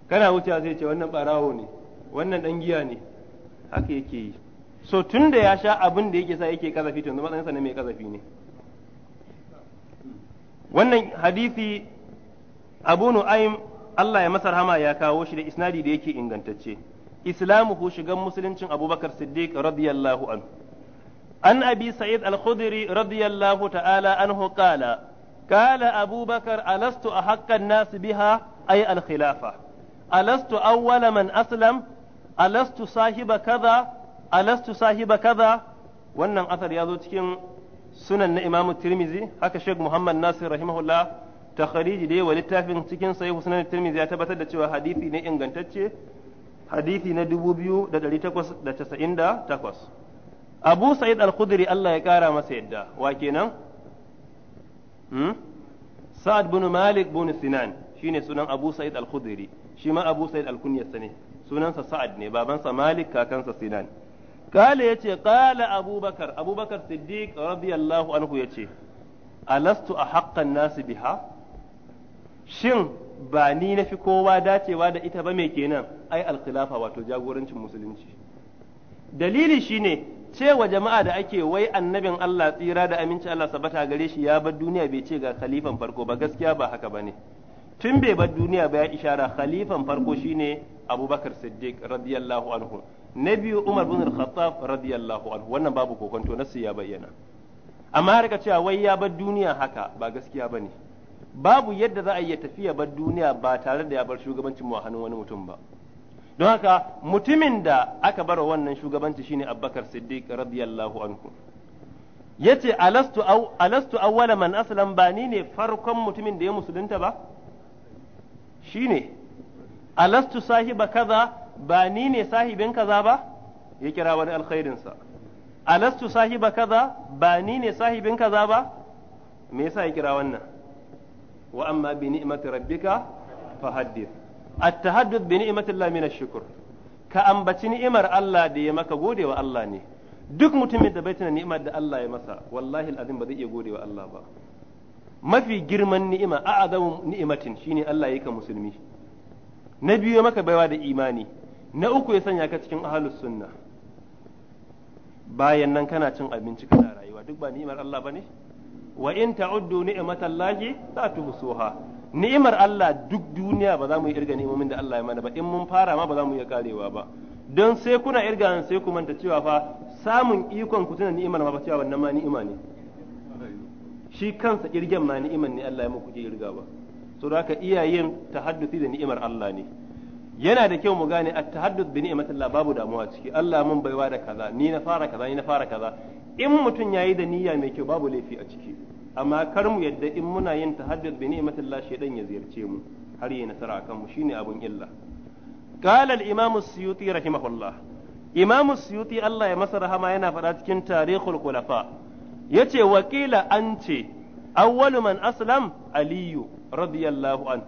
kana wuce zai ce wannan barawo ne wannan dan giya ne haka yake yi so tun da ya sha abin da yake sa yake kazafi to matsayinsa ne mai kazafi ne wannan hadisi abu nu'aym Allah ya masa rahama ya kawo shi da isnadi da yake ingantacce islamuhu shigan musuluncin abubakar siddiq radiyallahu anhu an abi sa'id al-khudri radiyallahu ta'ala anhu qala قال أبو بكر ألست أحق الناس بها أي الخلافة ألست أول من أسلم alastu sahiba kaza alastu sahiba kaza wannan asar ya zo cikin sunan na imamu tirmizi haka sheikh muhammad nasir rahimahullah takhariji dai wa littafin cikin sahih sunan tirmizi ya tabbatar da cewa hadisi ne ingantacce hadisi na 2898 abu sa'id al-khudri Allah ya kara masa yadda wa kenan hmm? sa'ad bin malik bin sinan shine sunan Abu Sa'id al-Khudri shi ma Abu Sa'id al-Kunyasa ne sunansa Sa'ad ne babansa Malik kakansa Sinan kale yace qala Abubakar Abubakar Siddiq radiyallahu anhu yace alastu a ahaqqan nas biha shin ba ni nafi kowa dacewa da ita ba me kenan ai al-khilafa wato jagorancin musulunci dalili shine cewa jama'a da ake wai annabin Allah tsira da aminci Allah sabata gare shi ya bar duniya bai ce ga khalifan farko ba gaskiya ba haka bane ne tun bai bar duniya ba ya ishara khalifan farko shine abubakar siddiq radiyallahu anhu na biyu umar bin al-khattab radiyallahu anhu wannan babu kokonto na ya bayyana amma har ka cewa wai ya bar duniya haka ba gaskiya bane babu yadda za a iya tafiya bar duniya ba tare da ya bar shugabancin mu a hannun wani mutum ba don haka mutumin da aka bar wannan shugabanci shine abubakar siddiq radiyallahu anhu yace alastu aw alastu awwala man aslam ba ni ne farkon mutumin da ya musulunta ba Shi ne, alastu sahiba kaza ba ni ne sahibin kaza ba ya kira wani alkhairinsa alastu sahiba kaza ba ni ne sahibin kaza ba me yasa ya kira wannan wa amma bi ni'mati rabbika haddith. at tahaddud bi ni'mati Allah min ash-shukr ka ambaci ni'imar Allah da ya maka godewa Allah ne duk mutumin da bai tuna ni'imar da Allah ya masa wallahi al'azim ba zai iya godewa Allah ba mafi girman ni'ima a'azamu ni'imatin shine Allah yake musulmi na biyu maka baiwa da imani na uku ya sanya ka cikin ahlus sunna bayan nan kana cin abinci kana rayuwa duk ba ni'imar Allah bane wa in ta'uddu ni'matallahi la tuhsuha ni'imar Allah duk duniya ba za mu irga ni'imomin da Allah ya mana ba in mun fara ma ba za mu iya karewa ba don sai kuna irga sai ku manta cewa fa samun ikon ku tuna ni'imar ma ba cewa wannan ma ni'ima ne shi kansa kirgen ma ni'imar ne Allah ya muku je kirga ba so haka iyayen tahaddusi da ni'imar Allah ne yana da kyau mu gane at tahaddud bi ni'matillah babu damuwa ciki Allah mun baiwa da kaza ni na fara kaza ni na fara kaza in mutum yayi da niyya mai kyau babu laifi a ciki amma kar mu yadda in muna yin tahaddud bi ni'matillah shedan ya ziyarce mu har yayi nasara akan mu shine abun illa قال الإمام السيوطي رحمه الله إمام السيوطي الله يمسر هما ينا فرات كن تاريخ الخلفاء yace wakila an ce awwalu man aslam aliyu radiyallahu an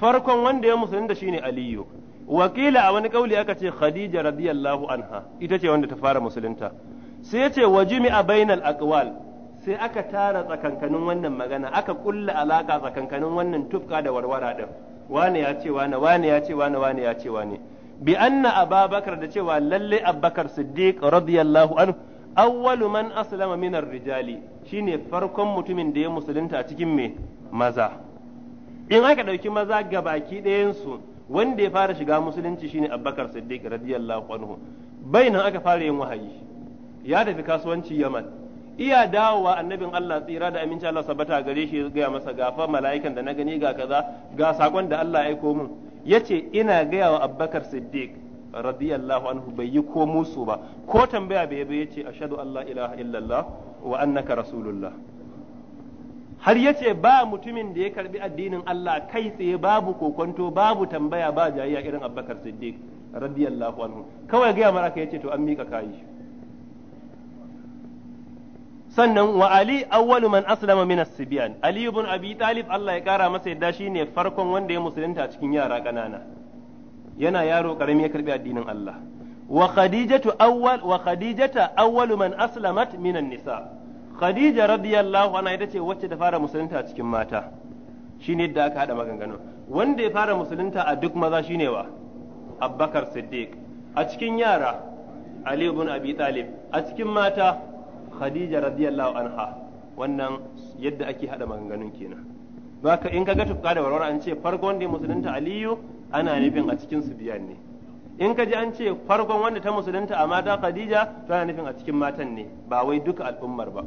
farkon wanda ya musulun da shine aliyu wakila a wani kauli aka ce khadija radiyallahu anha ita ce wanda ta fara musulunta sai yace wajimi a bainal aqwal sai aka tara tsakankanin wannan magana aka kulla alaka tsakankanin wannan tufka da warwara din wane ya ce wane wane ya ce wane wane ya ce wane bi anna abubakar da cewa lalle abubakar siddiq radiyallahu anhu awwalu man aslama min rijali shine farkon mutumin da ya musulunta a cikin me maza in aka dauki maza ga baki ɗayansu wanda ya fara shiga musulunci shine Abubakar Siddiq radiyallahu anhu bainan aka fara yin wahayi ya tafi kasuwanci Yaman iya dawowa annabin Allah tsira da aminci Allah sabata gare shi gaya masa gafa mala'ikan da na gani ga kaza ga sakon da Allah ya aiko min yace ina gaya wa Abubakar Siddiq radiyallahu anhu bai yi ko musu ba ko tambaya bai bai yace ashhadu an la ilaha illallah wa annaka rasulullah har yace ba mutumin da ya karbi addinin Allah kai tsaye babu kokonto babu tambaya ba jayayya irin Abubakar Siddiq radiyallahu anhu kawai gaya mara ka yace to an mika kai sannan wa Ali awwalu man aslama min as-sibyan Ali ibn Abi Talib Allah ya kara masa yadda shine farkon wanda ya musulunta cikin yara kanana yana yaro karami ya karbi addinin Allah wa khadijatu awwal wa khadijata awwalu man aslamat minan nisa khadija radiyallahu anha ita ce wacce ta fara musulunta a cikin mata shine da aka hada maganganu wanda ya fara musulunta a duk maza shine wa Abubakar Siddiq a cikin yara Ali ibn Abi Talib a cikin mata Khadija radiyallahu anha wannan yadda ake hada maganganun kenan baka in ka ga tufka da warwara an ce farko wanda musulunta Aliyu ana nufin a cikin su biyan ne in ka ji an ce farkon wanda ta musulunta a mata Khadija to ana nufin a cikin matan ne ba wai duka al'ummar ba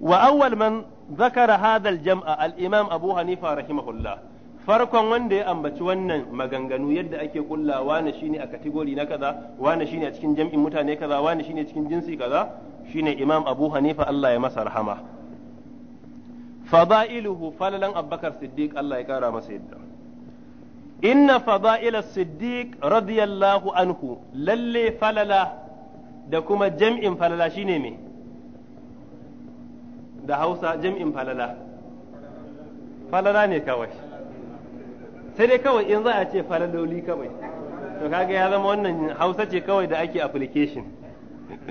wa awwal man zakara hadha al-jam'a al-imam Abu Hanifa rahimahullah farkon wanda ya ambaci wannan maganganu yadda ake kullawa na shine a kategori na kaza wani shine a cikin jam'in mutane kaza wani shine cikin jinsi kaza shine imam Abu Hanifa Allah ya masa rahama fada'iluhu falalan Abubakar Siddiq Allah ya kara masa yadda inna fada'ila siddiq radiyallahu anhu lalle falala da kuma jam'in falala shine me da hausa jam'in falala falala ne kawai sai dai kawai in za a ce falaloli kawai to kaga ya zama wannan hausa ce kawai da ake application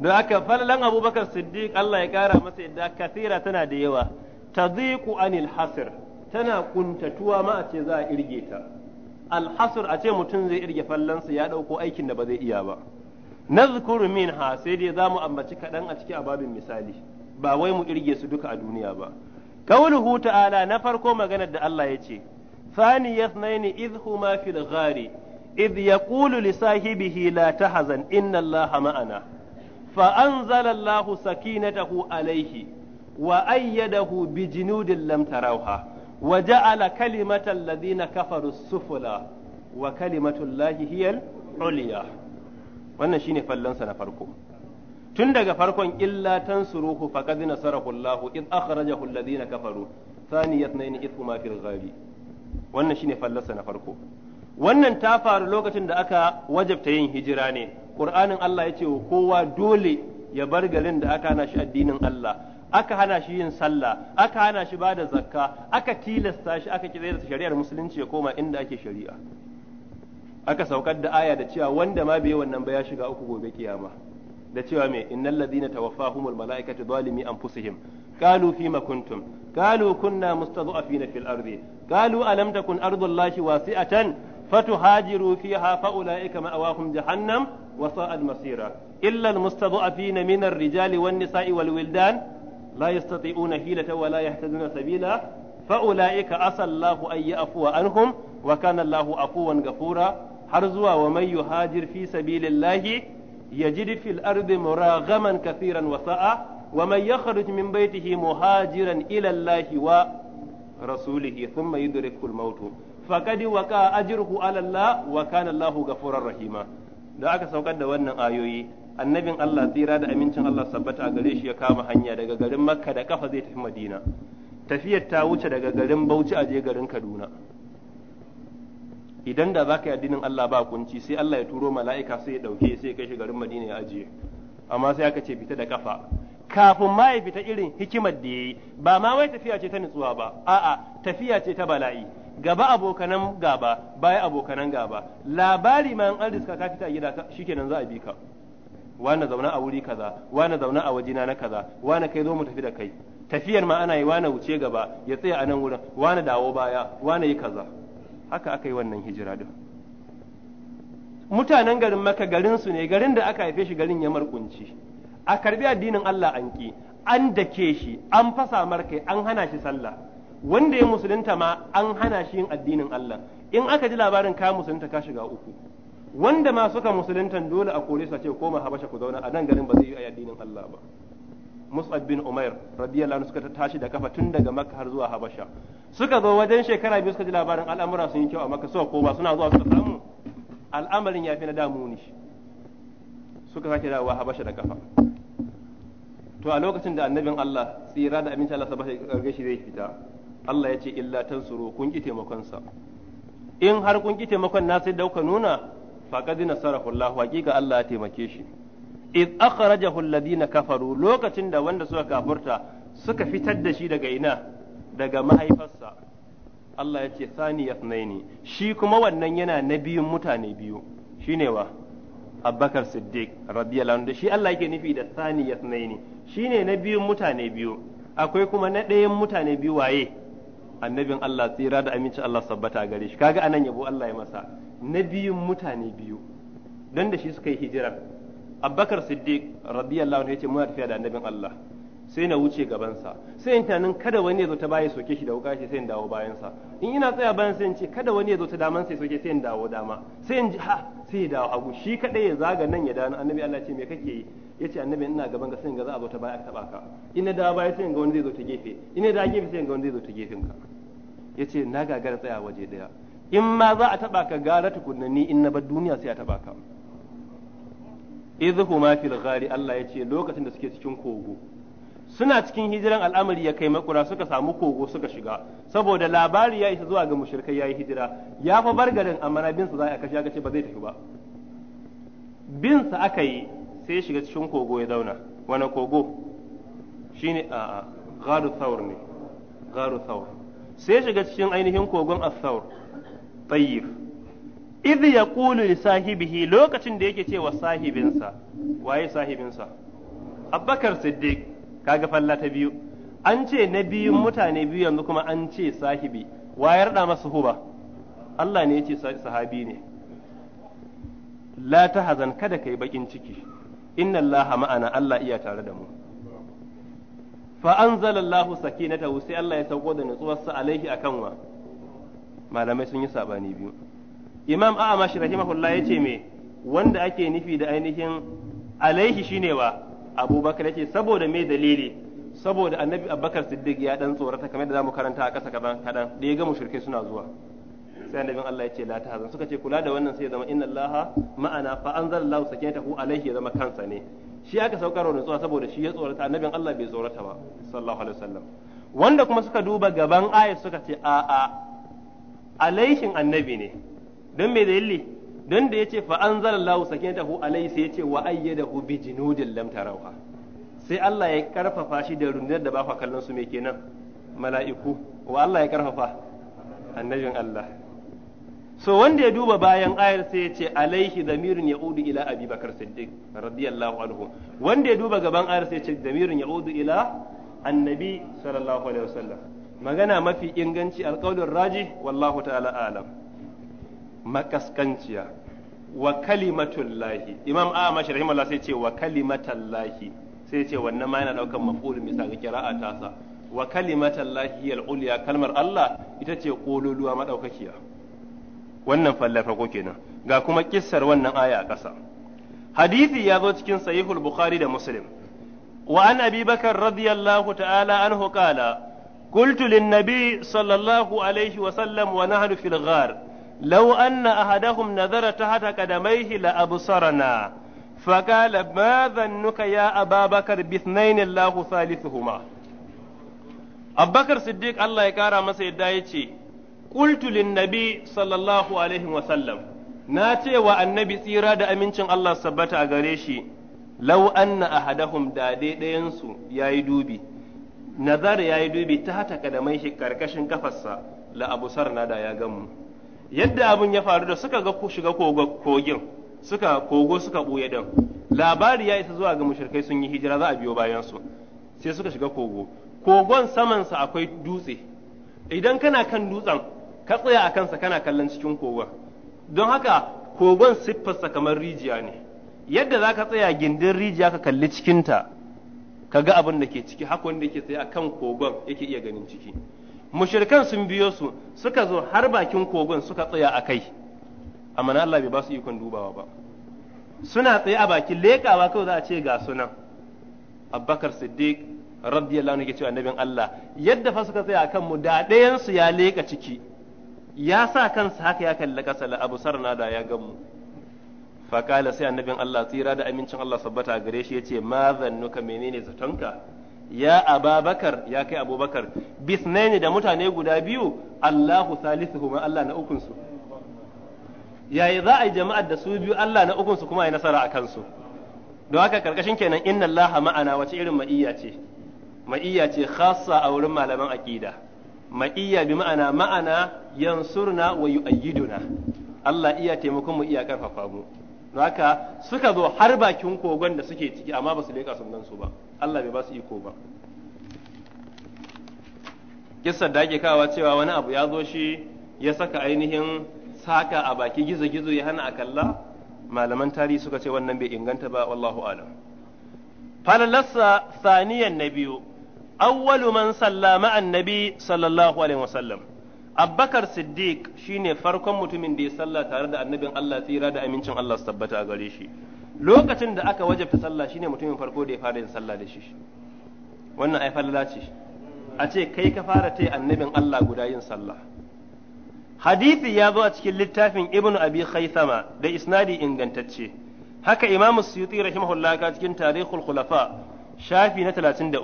don haka falalan abubakar siddiq Allah ya kara masa yadda kasira tana da yawa tadiqu anil hasir tana kuntatuwa ma a ce za a irge ta alhasur a ce mutum zai irge fallansa ya ɗauko aikin da ba zai iya ba nazkuru minha sai dai za mu ambaci kaɗan a ciki a babin misali ba wai mu irge su duka a duniya ba kauluhu ta'ala na farko maganar da Allah ya ce ثاني اثنين إذ هما في الغار إذ يقول لصاحبه لا تحزن إن الله معنا فأنزل الله سكينته عليه وأيده بجنود لم تروها wa ja'ala kalimatal ladina kafaru sufula wa kalimatul lahi hiyal uliya wannan shine fallansa na farko tun daga farkon illa tansuruhu faqad nasarahu Allahu id akhrajahu alladhina kafaru thaniyat nayn ithuma fil ghabi wannan shine fallansa na farko wannan ta faru lokacin da aka wajabta yin hijira ne qur'anin Allah ya ce kowa dole ya bar garin da aka na shi addinin Allah aka hana shi yin sallah aka hana shi bada zakka aka tilasta shi aka kidayar da shari'ar musulunci ya koma inda ake shari'a aka saukar da aya da cewa wanda ma bai wannan ba ya shiga uku gobe kiyama da cewa me innal ladina tawaffahumul malaikatu zalimi anfusihim qalu fima kuntum qalu kunna mustad'afina fil ardi qalu alam takun ardullahi wasi'atan فتهاجروا فيها فأولئك مأواهم جهنم وساءت مصيرا إلا المستضعفين من الرجال والنساء والولدان la yastati'una hilata wa la yahtaduna sabila fa ulaika asallahu an ya'fuwa anhum wa kana Allahu afuwan har zuwa wa may yuhajir fi sabilillahi yajid fil ardi muragaman kathiran wa sa'a wa man yakhruj min baytihi muhajiran ila Allahi wa rasulihi thumma yudrikul mautu faqad waqa ajruhu ala Allah wa kana Allahu ghafurar rahima da aka saukar da wannan ayoyi annabin Allah tsira da amincin Allah sabbata a gare shi ya kama hanya daga garin Makka da kafa zai tafi Madina tafiyar ta wuce daga garin Bauchi a je garin Kaduna idan da zaka yi addinin Allah ba kunci sai Allah ya turo mala'ika sai ya dauke sai ya kai shi garin Madina ya ajiye amma sai aka ce fita da kafa kafin ma ya fita irin hikimar da ya yi ba ma wai tafiya ce ta nutsuwa ba a'a tafiya ce ta bala'i gaba abokanan gaba baya abokanan gaba labari ma an riska ka fita gida shikenan za a bi ka wane zauna a wuri kaza wane zauna a wajina na kaza wane kai zo mu tafi da kai tafiyar ma ana yi wane wuce gaba ya tsaya a nan wurin wane dawo baya wane yi kaza haka aka yi wannan hijira din mutanen garin maka garin su ne garin da aka haife shi garin ya markunci a karbi addinin Allah an ki an dake shi an fasa markai an hana shi sallah wanda ya musulunta ma an hana shi yin addinin Allah in aka ji labarin ka musulunta ka shiga uku wanda ma suka musuluntan dole a kore su ce koma habasha ku zauna a nan garin ba zai yi a addinin Allah ba Mus'ab bin Umair radiyallahu anhu suka tashi da kafa tun daga Makka har zuwa Habasha suka zo wajen shekara biyu suka ji labarin al'amura sun yi kyau a Makka suka koma suna zuwa suka samu al'amarin ya fi na damu ne suka sake dawowa Habasha da kafa to a lokacin da annabin Allah tsira da amincin Allah sabai ga shi zai fita Allah ya ce illa tansuru kun ki taimakon sa in har kun ki taimakon na sai dauka nuna faqad nasarahu Allah haqiqa Allah ya taimake shi Iz akhrajahu alladhina kafaru lokacin da wanda suka kafurta suka fitar da shi daga ina daga mahaifarsa Allah ya ce sani yasnaini shi kuma wannan yana na biyun mutane biyu shine wa Abubakar Siddiq radiyallahu anhu shi Allah yake nufi da sani yasnaini shine na biyun mutane biyu akwai kuma na ɗayan mutane biyu waye annabin Allah tsira da aminci Allah sabbata gare shi kaga anan yabo Allah ya masa na biyun mutane biyu don da shi suka yi hijirar abbakar siddiq radiyallahu anhu yace muna tafiya da annabin Allah sai na wuce gabansa sai in tunanin kada wani ya zo ta baya soke shi da wuka shi sai in dawo bayansa in ina tsaya bayan sai in ce kada wani ya zo ta daman sai soke sai in dawo dama sai in ji ha sai ya dawo hagu shi kadai ya zaga nan ya dawo annabi Allah ce me kake yi yace annabi ina gaban ka sai in ga za a zo ta baya ta baka ka in na dawo baya sai in ga wani zai zo ta gefe in na dawo gefe sai in ga wani zai zo ta gefen ka yace na gagara tsaya waje daya in ma za a taba ka gara tukunna in na bar duniya sai a taba ka ma fil ghari Allah ya ce lokacin da suke cikin kogo suna cikin hijiran al'amari ya kai makura suka samu kogo suka shiga saboda labari ya isa zuwa ga mushrikai yayi hijira ya fa bar garin amma na bin sa za a kashi aka ce ba zai tafi ba bin sa aka yi sai ya shiga cikin kogo ya zauna wani kogo shine a gharu thawr ne gharu thawr sai ya shiga cikin ainihin kogon as-thawr tayyib idh yaqulu li sahibihi lokacin da yake cewa sahibinsa waye sahibinsa Abubakar Siddiq kaga falla ta biyu an ce na biyun mutane biyu yanzu kuma an ce sahibi wayar da masa huba Allah ne yace sahabi ne la tahzan kada kai bakin ciki inna Allah ma'ana Allah iya tare da mu fa anzalallahu sakinatahu sai Allah ya sauko da nutsuwarsa alaihi akan wa malamai sun yi sabani biyu imam a'amash rahimahullah ce me wanda ake nufi da ainihin alaihi shine wa abubakar yace saboda me dalili saboda annabi abubakar siddiq ya dan tsorata kamar da zamu karanta a ƙasa kaban kadan da ya ga shirke suna zuwa sai annabin Allah ya ce la tahzan suka ce kula da wannan sai ya zama inna allaha ma'ana fa anzalallahu sakinatahu alaihi ya zama kansa ne shi aka saukar wa nutsuwa saboda shi ya tsorata annabin Allah bai tsorata ba sallallahu alaihi wasallam wanda kuma suka duba gaban ayat suka ce a'a alaihin annabi ne don me dalili don da yace fa ta sakinatahu alaihi sai yace wa ayyadahu bi jinudin lam tarawha sai Allah ya karfafa shi da rundunar da ba fa kallon su me kenan mala'iku wa Allah ya karfafa annabin Allah so wanda ya duba bayan ayar sai ya ce alaihi damirun ya'udu ila abi bakar siddiq radiyallahu anhu wanda ya duba gaban ayar sai ya ce damirun ya'udu ila annabi sallallahu alaihi wasallam magana mafi inganci alƙaulin raji wallahu ta'ala alam makaskanciya wa kalimatun lahi imam a mashi Allah sai ce wa kalimatan lahi sai ce wannan ma yana daukan mafulun bisa ga kira'a tasa wa kalimatan lahi ulya kalmar Allah ita ce kololuwa madaukakiya wannan fallafa ko kenan ga kuma kissar wannan aya a kasa hadisi ya zo cikin sahihul bukhari da muslim wa an abi bakar radiyallahu ta'ala anhu qala قلت للنبي صلى الله عليه وسلم ونحن في الغار لو أن أحدهم نظر تحت قدميه لأبصرنا فقال ما ظنك يا أبا بكر باثنين الله ثالثهما أبو بكر صديق الله يكارى مسيد دايتي قلت للنبي صلى الله عليه وسلم ناتي والنبي سيرا دا أمينشن الله سبت أغريشي لو أن أحدهم دادي دينسو يا يدوبي nazar ya yi dubi ta hata kadamai shi karkashin kafarsa la abu na da ya gamu yadda abin ya faru da suka ga shiga kogin suka kogo suka buye din labari ya isa zuwa ga mushrikai sun yi hijira za a biyo bayan su sai suka shiga kogo kogon samansa akwai dutse idan kana kan dutsen ka tsaya a kansa kana kallon cikin kogon don haka kogon siffarsa kamar rijiya ne yadda za ka tsaya gindin rijiya ka kalli cikinta ka ga abin da ke ciki haka wanda yake tsaye a kan kogon yake iya ganin ciki mushrikan sun biyo su suka zo har bakin kogon suka tsaya a kai amma na Allah bai ba su ikon dubawa ba suna tsaye a bakin lekawa kawai za a ce ga sunan Abubakar Siddiq radiyallahu anhu yake cewa annabin Allah yadda fa suka tsaya kan mu da ɗayan su ya leka ciki ya sa kansa haka ya kalli kasa la abu sarna da ya gan mu faƙala sai annabin Allah tsira da amincin Allah sabbata gare shi ya ce ma zannuka menene zatonka ya ababakar ya kai abubakar bisnaini da mutane guda biyu Allahu salisuhuma Allah na ukunsu yayi za a yi jama'ar da su biyu Allah na ukunsu kuma ya nasara a kansu don haka karkashin kenan inna Allah ma'ana wace irin ma'iyya ce ma'iyya ce khassa a wurin malaman aqida ma'iyya bi ma'ana ma'ana yansurna wa yu'ayyiduna Allah iya taimakon mu iya karfafa mu haka suka zo har bakin kogon da suke ciki amma ba su leƙa sannan su ba Allah bai ba su iko ba kissar da ake kawa cewa wani abu ya zo shi ya saka ainihin saka a baki gizo-gizo ya hana akalla kalla malaman tarihi suka ce wannan bai inganta ba wallahu alam falalarsa saniyan na biyu awwalu man sallama annabi sallallahu alaihi wasallam Abubakar Siddiq shine farkon mutumin da ya salla tare da annabin Allah tsira da amincin Allah su tabbata a gare shi. Lokacin da aka wajabta sallah shine mutumin farko da ya fara yin sallah da shi. Wannan ai falala ce. A ce kai ka fara ta annabin Allah guda yin sallah. hadithi ya zo a cikin littafin Ibn Abi Khaythama da isnadi ingantacce. Haka Imam Suyuti rahimahullah ka cikin Tarikhul Khulafa shafi na 33.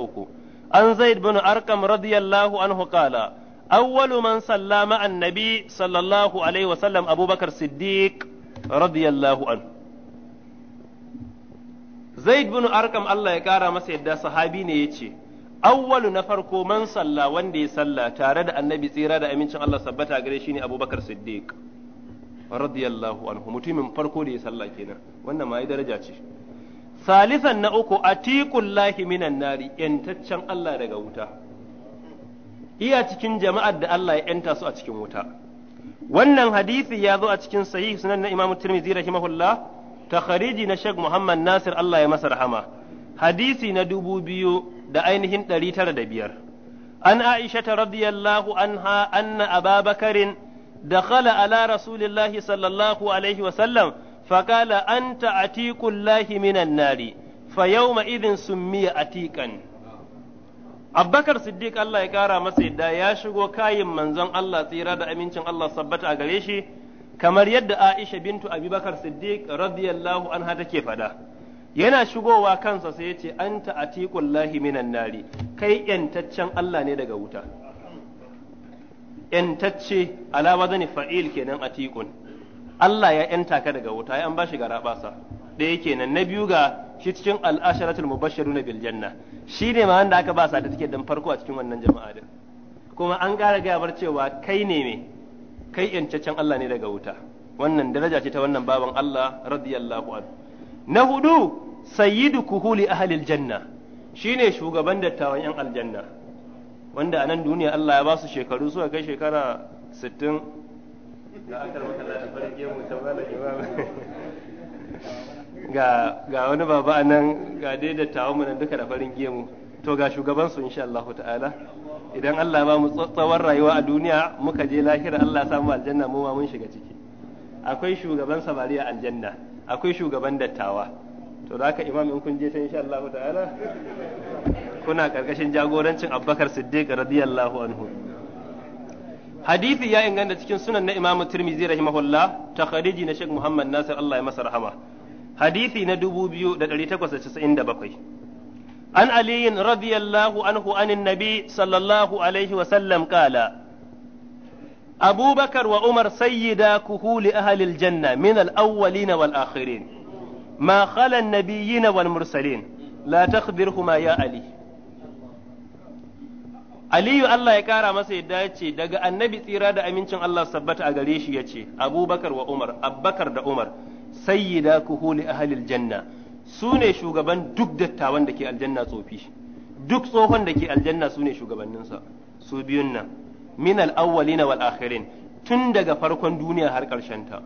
An Zaid bin Arqam radiyallahu anhu qala Awalu man salla ma'an sallallahu alaihi wasallam abubakar siddiq radiyallahu anhu zaid bin arkam Allah ya kara masa yadda sahabi ne ya ce awalu na farko man salla wanda ya salla tare da annabi tsira da amincin Allah sabbata gare shi ne abubakar siddiq radiyallahu anhu mutumin farko da ya salla kenan wannan ma daraja ce salisan na uku atiqullahi minan nari yantaccen Allah daga wuta iya cikin jama'ar da Allah ya ‘yanta su a cikin wuta. Wannan hadisi ya zo a cikin sahih sunan na Imam Tirmidhi rahimahullah ta khariji na Sheikh Muhammad Nasir Allah ya masa rahama. Hadisi na dubu biyu da ainihin ɗari tara da biyar. An Aisha ta radiyallahu anha anna Aba Bakarin dakhala ala Rasulillahi sallallahu alaihi wa sallam faqala anta atiqullahi minan nari fa yawma idhin summiya atiqan. Abubakar Siddiq Allah ya kara masa yadda ya shigo kayin manzon Allah tsira da amincin Allah sabbata a gare shi kamar yadda Aisha bintu Abubakar Siddiq radiyallahu anha take fada yana shigowa kansa sai ce anta lahi minan nari kai yantaccen Allah ne daga wuta yantacce ala wazani fa'il kenan atiqun Allah ya yanta ka daga wuta ya an bashi garabasa ɗaya kenan na biyu ga shi cikin al'asharatul na bil janna ne ma wanda aka ba sa da take dan farko a cikin wannan jama'a din kuma an ƙara gaya bar cewa kai ne me kai yancaccen Allah ne daga wuta wannan daraja ce ta wannan baban Allah radiyallahu anhu na hudu sayyidu kuhuli ahlil janna shine shugaban dattawan yan aljanna wanda a nan duniya Allah ya ba su shekaru suka kai shekara 60 gemu ta bala ga wani baba a nan ga dai da tawo mu nan duka da farin gemu to ga shugaban su insha Allah ta'ala idan Allah ba mu tsawon rayuwa a duniya muka je lahira Allah ya samu aljanna mu ma mun shiga ciki akwai shugaban samariya aljanna akwai shugaban dattawa to da ka imam in kun je ta insha Allah ta'ala kuna karkashin jagorancin Abubakar Siddiq radiyallahu anhu hadisi ya inganta cikin sunan na Imam Tirmidhi rahimahullah takhriji na Sheikh Muhammad Nasir Allah ya masa rahama hadisi na 2897 an aliyin radiyallahu anhu anin nabi sallallahu alaihi sallam kala أبو بكر وعمر سيدا كهول أهل الجنة من الأولين na ما خلا النبيين والمرسلين لا تخبرهما ya a'li. Aliyu Allah ya kara masa yadda ya ce daga annabi tsira da amincin Allah sabbata a gare shi ya ce Abubakar wa Umar Abubakar da Umar sayyida kuhuni ahlil janna su ne shugaban duk dattawan da ke aljanna tsofi duk tsohon da ke aljanna su ne shugabanninsa su biyun nan min al-awwalina wal akhirin tun daga farkon duniya har karshen ta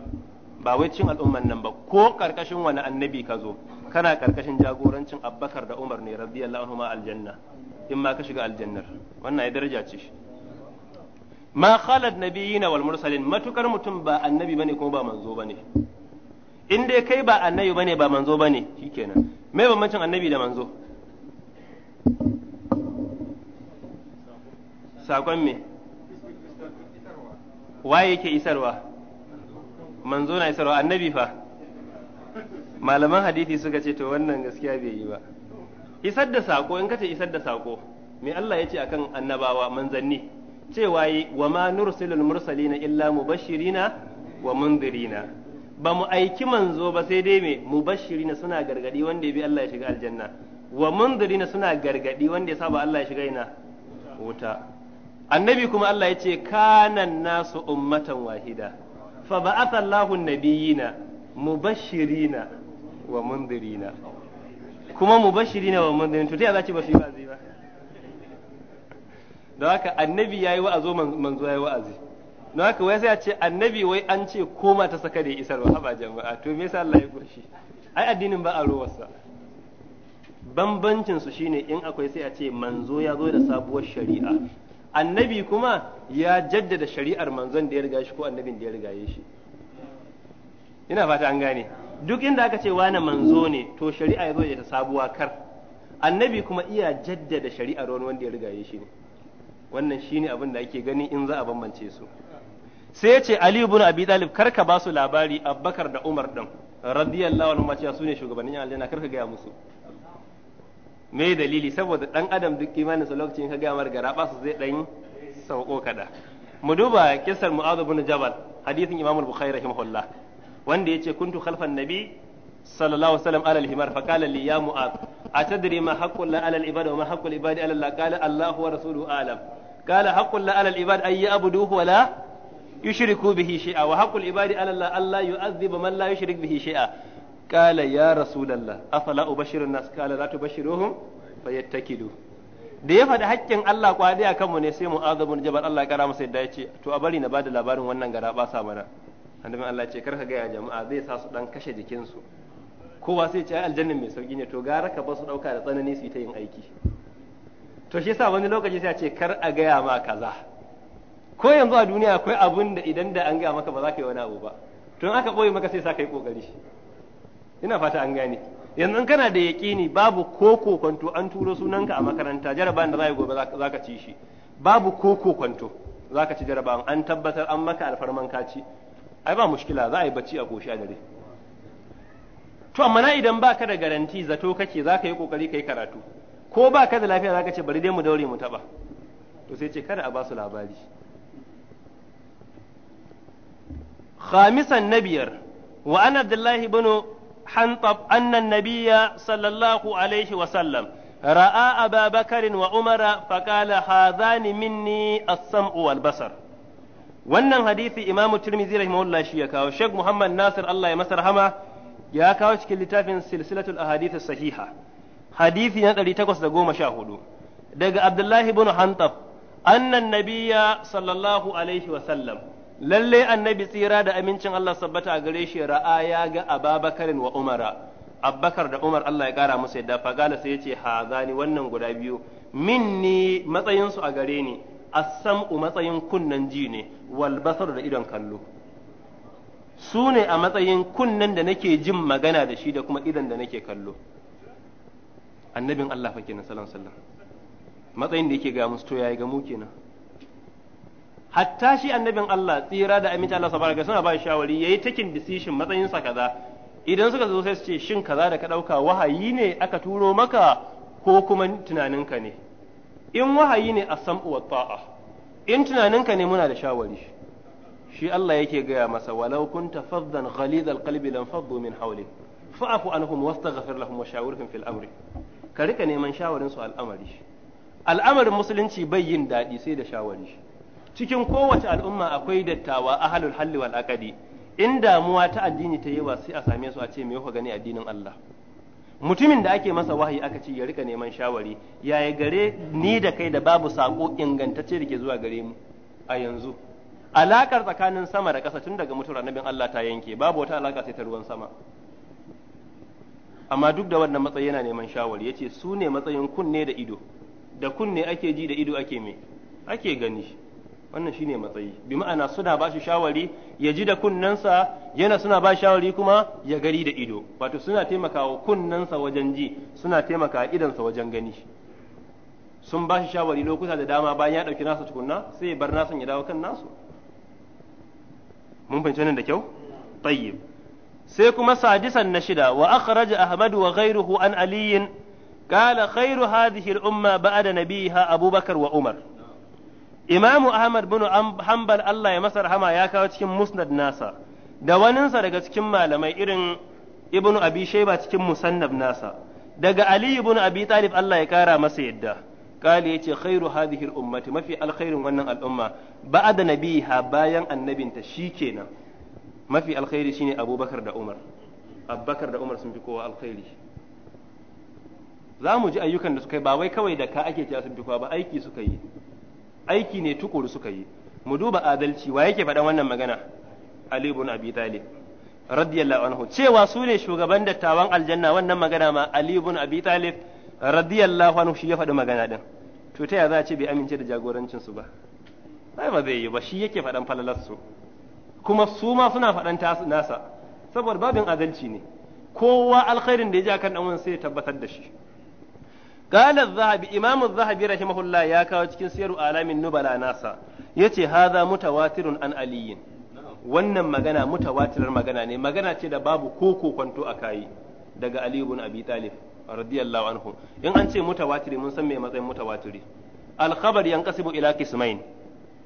ba wai cin al'umman nan ba ko karkashin wani annabi ka zo kana karkashin jagorancin abbakar da umar ne radiyallahu anhu aljanna in ma ka shiga aljannar wannan ya daraja ce ma khalad nabiyina wal mursalin matukar mutum ba annabi bane kuma ba manzo bane in dai kai ba annabi bane ba manzo bane shikenan me bambancin annabi da manzo sakon me waye yake isarwa manzo na isarwa annabi fa malaman hadisi suka ce to wannan gaskiya bai yi ba isar da sako in kace isar da sako me Allah ya ce akan annabawa manzanni cewa wa ma nursilul mursalina illa mubashirina wa mundirina ba mu aiki manzo ba sai dai me mubashirina suna gargadi wanda ya bi Allah ya shiga aljanna wa mundirina suna gargadi wanda ya saba Allah ya shiga ina wuta annabi kuma Allah ya ce kanan nasu ummatan wahida fa ba'atha Allahu nabiyina mubashirina wa mundirina kuma mubashirina wa mundirina to ta za ce ba su yi wa'azi ba da haka annabi yayi wa'azo manzo yayi wa'azi don haka wai sai a ce annabi wai an ce koma ta saka da isar ba haba jama'a to me yasa Allah ya goshi ai addinin ba a rowarsa bambancin su shine in akwai sai a ce manzo ya zo da sabuwar shari'a annabi kuma ya jaddada shari'ar manzon da ya riga shi ko annabin da ya riga shi ina fata an gane duk inda aka ce wani manzo ne to shari'a ya zo da sabuwa kar annabi kuma iya jaddada shari'ar wani wanda ya riga shi ne wannan shine abin da ake gani in za a bambance su sai ya ce Ali ibn Abi Talib kar ka ba su labari Abubakar da Umar din radiyallahu anhu cewa su ne shugabannin aljanna kar ka gaya musu me dalili saboda dan adam duk imanin sa lokacin ka gaya marga gara ba su zai dan sauko kada mu duba kisar Mu'adh ibn Jabal hadisin Imam al-Bukhari rahimahullah wanda yace kuntu khalfan nabi sallallahu alaihi wasallam ala al-himar fa qala li ya Mu'adh atadri ma haqqu la ala al-ibad wa ma haqqu al-ibad ala Allah qala Allahu wa rasuluhu alam qala haqqu la ala al-ibad ay ya'buduhu wa la yushriku bihi shay'a wa haqqul ibadi ala Allah alla yu'adhiba man la yushrik bihi shay'a qala ya rasulullah afala ubashiru nas qala la tubashiruhum fayattakidu da ya faɗi hakkin Allah kwadi a kanmu ne sai mu azabun jabal Allah ya kara masa yadda ya ce to a bari na bada labarin wannan gara ba sa mana annabi Allah ce kar ka ga jama'a zai sa su dan kashe jikinsu kowa sai ce aljannin mai sauki ne to gara ka ba su dauka da tsanani su yi ta yin aiki to shi yasa wani lokaci sai a ce kar a gaya ma kaza ko yanzu a duniya akwai abun da idan da an gaya maka ba za ka yi wani abu ba tun aka ɓoye maka sai sa ka yi ƙoƙari ina fata an gane yanzu kana da yaƙini babu ko kokonto an turo sunanka a makaranta jaraba da za gobe za ka ci shi babu ko kokonto za ka ci jaraba an tabbatar an maka alfarman ka ci ai ba mushkila za a yi bacci a koshi a dare to amma na idan baka da garanti zato kake za ka yi ƙoƙari ka karatu ko baka da lafiya za ka ce bari dai mu daure mu taɓa to sai ce kada a ba su labari khamisan na biyar wa an abdullahi bin hantab annan nabiyya sallallahu alaihi wa sallam ra'a ababakarin wa umara faqala hadhani minni as-sam'u wannan hadisi imamu Tirmizi rahimahullah shi ya kawo sheikh muhammad nasir Allah ya masa rahama ya kawo cikin littafin silsilatul ahadith sahiha hadisi na 814 daga abdullahi bin hantab annan nabiyya sallallahu alaihi wa sallam lalle annabi tsira da amincin Allah sabbata a gare shi ra'a ya ga ababakarin wa umara abbakar da umar Allah ya kara musu yadda fagala sai ya ce ha wannan guda biyu minni matsayinsu a gare ni as u matsayin kunnan ji ne wal basar da idon kallo su ne a matsayin kunnan da nake jin magana da shi da kuma idan da nake kallo annabin Allah fa kenan sallallahu alaihi matsayin da yake ga musu to yayi ga mu kenan hatta shi annabin Allah tsira da aminta Allah subhanahu wa suna ba shawari yayi taking decision matsayin sa kaza idan suka zo sai su ce shin kaza da ka dauka wahayi ne aka turo maka ko kuma tunaninka ne in wahayi ne a samu wa ta'a in tunaninka ne muna da shawari shi Allah yake gaya masa walau kunta faddan ghalidhal qalbi lam faddu min hawlik fa'fu anhum wastaghfir lahum wa shawirhum fil amri ka rika neman shawarin su al'amari al'amarin musulunci bai yin daɗi sai da shawari cikin kowace al'umma akwai dattawa ahlul halli wal aqdi in damuwa ta addini ta yawa sai a same su a ce me kuka gani addinin Allah mutumin da ake masa wahayi aka ce ya rika neman shawari yaya gare ni da kai da babu sako ingantacce da ke zuwa gare mu a yanzu alakar tsakanin sama da ƙasa tun daga mutuwar annabin Allah ta yanke babu wata alaka sai ta ruwan sama amma duk da wannan matsayi yana neman shawari yace su ne matsayin kunne da ido da kunne ake ji da ido ake me ake gani wannan shine matsayi bi ma'ana suna shi shawari ya ji da kunnensa yana suna ba shawari kuma ya gari da ido wato suna taimakawa kunnensa wajen ji suna taimakawa idansa wajen gani sun shi shawari lokuta da dama bayan ya dauki nasa tukunna sai ya bar nasan ya dawo kan nasu mun fahimci nan da kyau tayyib sai kuma sadisan na shida wa akhraja ahmad wa ghayruhu an aliyin khairu خير هذه الأمة بعد nabiha Abubakar wa Umar. imamu ahmad bin hanbal Allah ya masa rahama ya kawo cikin musnad nasa da waninsa daga cikin malamai irin Ibn abi shayba cikin musannab nasa daga ali ibn abi talib Allah ya kara masa yadda Kale yace khairu hadhihi al-ummati mafi alkhairin wannan al'umma ba'da nabiha bayan annabinta shikenan mafi alkhairi shine abubakar da umar abubakar da umar sun fi kowa alkhairi za mu ji ayyukan da suka yi ba wai kawai da ka ake cewa sun fi kowa ba aiki suka yi aiki ne tukuru suka yi mu duba adalci wa yake faɗan wannan magana Ali ibn Abi Talib radiyallahu anhu cewa su ne shugaban dattawan aljanna wannan magana ma Ali ibn Abi Talib radiyallahu anhu shi ya faɗi magana din to ta ya za a ce bai amince da jagorancin su ba ai ba zai yi ba shi yake faɗan falalar su kuma su ma suna faɗan nasa saboda babin adalci ne kowa alkhairin da ya ji akan dan sai ya tabbatar da shi qala zahabi imamu az-zahabi rahimahullah ya kawo cikin siyaru alamin bala nasa yace hadha mutawatirun an aliyin wannan magana mutawatirar magana ne magana ce da babu ko kokonto a kayi daga ali ibn abi talib radiyallahu anhu in an ce mutawatiri mun san me matsayin mutawatiri al-khabar yanqasibu ila qismain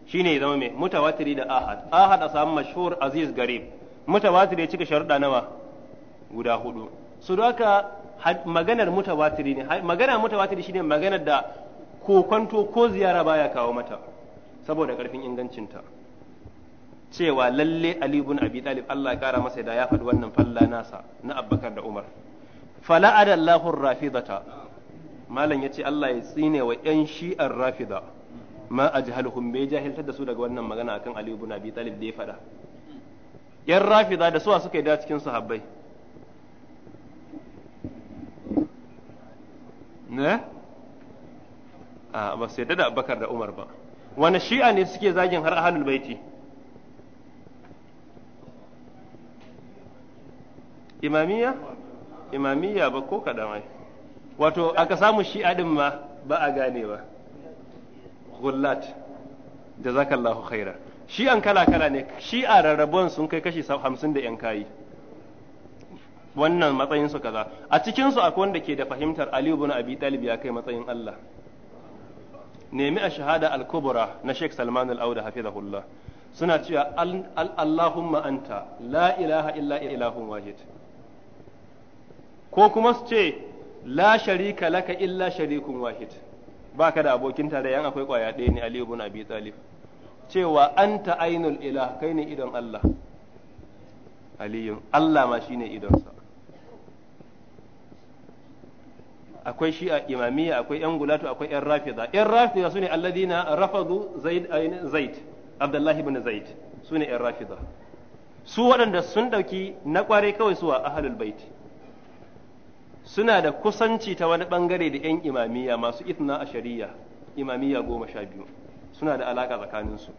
shine ya zama me mutawatiri da ahad ahad a samu mashhur aziz garib mutawatiri ya cika sharuɗa nawa guda hudu su haka maganar mutawatiri ne magana mutawatiri shine maganar da ko kwanto ko ziyara baya kawo mata saboda karfin ingancinta cewa lalle Ali ibn Abi Talib Allah ya kara masa da ya faɗi wannan falla nasa na Abubakar da Umar fala adallahu rafidata malam yace Allah ya tsine wa yan shi'ar rafida ma ajhaluhum bai jahiltar da su daga wannan magana akan Ali ibn Abi Talib da ya faɗa yan rafida da suwa suka yi da cikin sahabbai ne a ba su yadda da abubakar da umar ba wani shi'a ne suke zagin har ahalul baiti imamiya imamiya ba ko kadamai wato aka samu shi'a din ma ba a gane ba gullat zakallahu khaira shi'an kala kala ne shi'a rarrabuwan sun kai kashi hamsin da yan kayi wannan matsayin su kaza a cikin su akwai wanda ke da fahimtar Ali ibn Abi Talib ya kai matsayin Allah nemi a shahada al-kubra na Sheikh Salman al-Auda hafizahullah suna cewa Allahumma anta la ilaha illa ilahun wahid ko kuma su ce la sharika laka illa sharikun wahid baka da abokin tarayya akwai kwaya ɗaya ne Ali ibn Abi Talib cewa anta ainul ilah kai ne idon Allah aliyun Allah ma shine idonsa akwai shi'a imamiyya akwai yan gulatu akwai yan rafida yan rafida sune alladina rafadu zaid zaid abdullahi ibn zaid sune yan rafida su waɗanda sun ɗauki na ƙware kawai suwa ahlul bait suna da kusanci ta wani bangare da yan imamiyya masu itna a shari'a imamiyya goma sha biyu suna da alaka tsakaninsu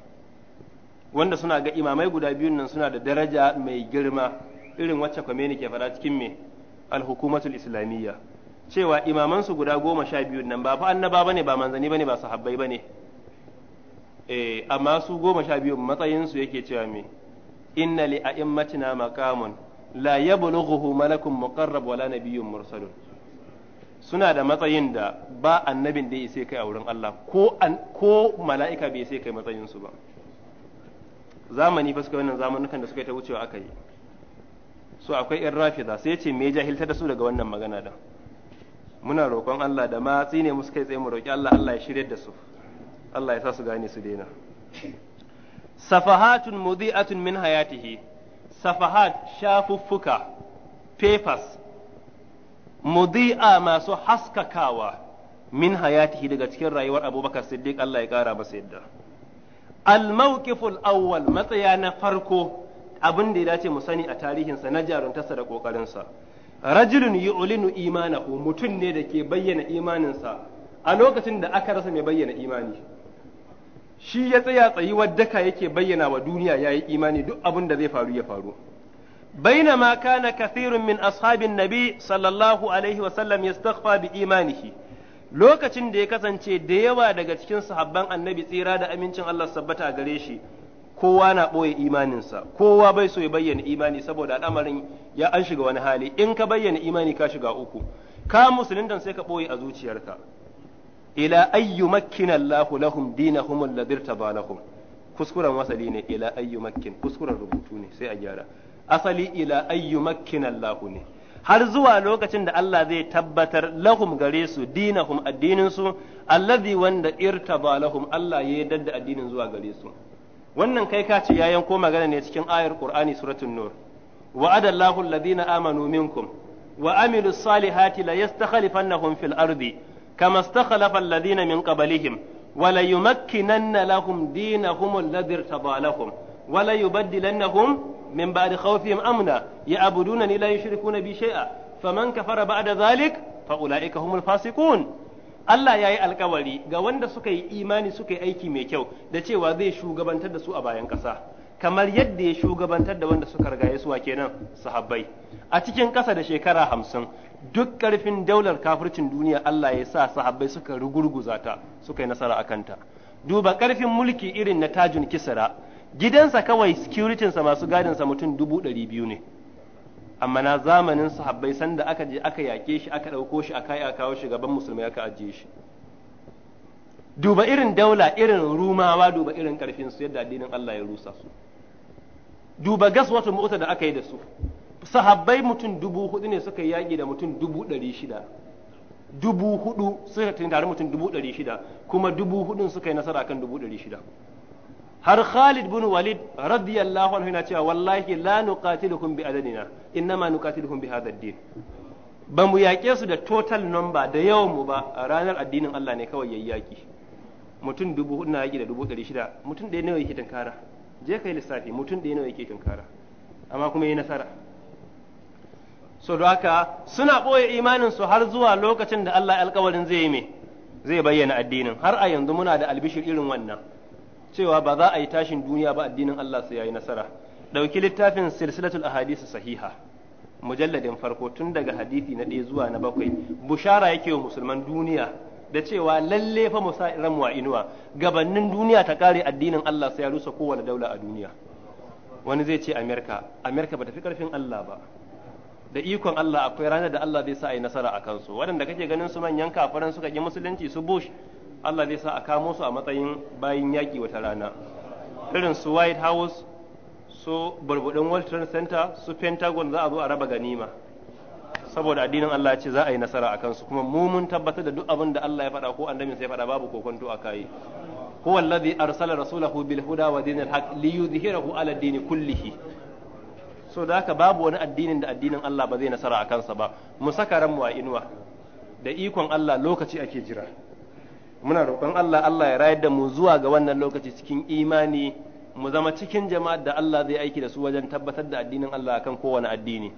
wanda suna ga imamai guda biyun nan suna da daraja mai girma irin wacce ne ke fara cikin me al-hukumatul islamiyya cewa imamansu guda goma sha biyu nan ba fa annaba bane ba manzani bane ba sahabbai bane eh amma su goma sha biyu matsayinsu yake cewa me inna li a'immatina maqamun la yablughuhu malakun muqarrab wala nabiyyun mursalun suna da matsayin da ba annabin da sai kai a wurin Allah ko ko mala'ika bai sai kai matsayin su ba zamani fa suka wannan zamanukan da suka ta wucewa aka yi so akwai irrafida sai ya ce me jahilta da su daga wannan magana da muna roƙon Allah da ma tsine musu kai tsaye mu roƙi Allah Allah ya shirye da su Allah ya sa su gane su daina safahatun mudhi'atun min hayatihi safahat shafuffuka papers mudhi'a masu haskakawa min hayatihi daga cikin rayuwar Abubakar Siddiq Allah ya ƙara masa yadda al-mawqiful awwal matsaya na farko abin da ya dace mu sani a tarihinsa na jaruntarsa da ƙoƙarinsa rajulun yu'linu imanahu mutum ne da ke bayyana imaninsa a lokacin da aka rasa mai bayyana imani shi ya tsaya tsayuwar daka yake bayyana wa duniya ya yi imani duk abin da zai faru ya faru بينما كان min Ashabin أصحاب sallallahu alaihi wa sallam وسلم يستخفى بإيمانه lokacin da ya kasance da yawa daga cikin sahabban annabi tsira da amincin Allah sabbata gare shi kowa na ɓoye imaninsa kowa bai so ya bayyana imani saboda al'amarin ya an shiga wani hali in ka bayyana imani ka shiga uku ka dan sai ka ɓoye a zuciyarka ila ayyu makkin Allahu lahum dinahum alladhi tadalahum kuskuren wasali ne ila ayyu makkin kuskuren rubutu ne sai a gyara asali ila ayyu makkin Allahu ne har zuwa lokacin da Allah zai tabbatar lahum gare su dinahum addinin su alladhi wanda irtaba lahum Allah ya yadda addinin zuwa gare su wannan kai ka ce ya yanko magana ne cikin ayar Qur'ani suratul Nur Wa'adallahun Allahu alladhina amanu minkum wa amilu salihati la yastakhlifannahum fil ardi kama istakhlafa alladhina min qablihim wa la yumakkinanna lahum dinahum alladhi irtada lahum wa la yubaddilannahum min ba'di khawfihim amna ya'budunani la yushrikuna bi shay'a faman kafara ba'da dhalik fa ulaika humul fasiqun Allah ya yi alkawari ga wanda suka yi imani suka yi aiki mai kyau da cewa zai shugabantar da su a bayan ƙasa kamar yadda ya shugabantar da wanda suka riga suwa kenan sahabbai a cikin ƙasa da shekara hamsin duk ƙarfin daular kafircin duniya Allah ya sa sahabbai suka rugurguza ta suka yi nasara akan ta duba ƙarfin mulki irin na tajin kisira gidansa kawai securitinsa masu gadinsa mutum dubu ɗari biyu ne amma na zamanin sahabbai sanda aka je aka yake shi aka ɗauko shi aka a kawo shi gaban musulmai aka ajiye shi duba irin daula irin rumawa duba irin karfin su yadda addinin Allah ya rusa su duba gaswatu mota da aka yi da su sahabbai mutum dubu hudu ne suka yaƙi da mutum dubu ɗari shida dubu hudu suka tare mutum dubu ɗari shida kuma dubu hudun suka yi nasara kan dubu ɗari shida har Khalid bin Walid radiyallahu anhu yana cewa wallahi la nuqatilukum bi adadina innama nuqatilukum bi hadha ad-din ba mu yaƙe su da total number da yawan mu ba ranar addinin Allah ne kawai yayyaki yaƙi mutum dubu na yaki da dubu ɗari shida mutum ɗaya nawa yake tunkara je kai lissafi mutum ɗaya nawa yake tunkara amma kuma yi nasara so da haka suna ɓoye imanin su har zuwa lokacin da Allah alƙawarin zai yi me zai bayyana addinin har a yanzu muna da albishir irin wannan cewa ba za a yi tashin duniya ba addinin Allah sai yayi nasara ɗauki littafin silsilatul ahadith sahiha mujalladin farko tun daga hadisi na ɗaya zuwa na bakwai bushara yake wa musulman duniya da cewa lalle fa musa'iran wa inuwa gabanin duniya ta kare addinin Allah sai ya rusa kowane daula a duniya wani zai ce Amerika Amerika bata fi karfin Allah ba da ikon Allah akwai ranar da Allah zai sa yi nasara a kansu waɗanda kake ganin su manyan kafiran suka ƙi musulunci su Bush Allah zai sa a kamo su a matsayin bayin yaƙi wata rana irin su White House su burbudin World Trade Center su Pentagon za a zo a raba ganima saboda addinin Allah ya ce za a yi nasara a kansu kuma mu mun tabbatar da duk abin da Allah ya faɗa ko annabin sai ya faɗa babu kokonto a kai huwa alladhi arsala rasulahu bil huda wa dinil haqq liyudhhirahu ala dini kullihi so da haka babu wani addinin da addinin Allah ba zai nasara a kansa ba mu saka ranmu a inuwa da ikon Allah lokaci ake jira muna roƙon Allah Allah ya rayar da mu zuwa ga wannan lokaci cikin imani mu zama cikin jama'a da Allah zai aiki da su wajen tabbatar da addinin Allah akan kowane addini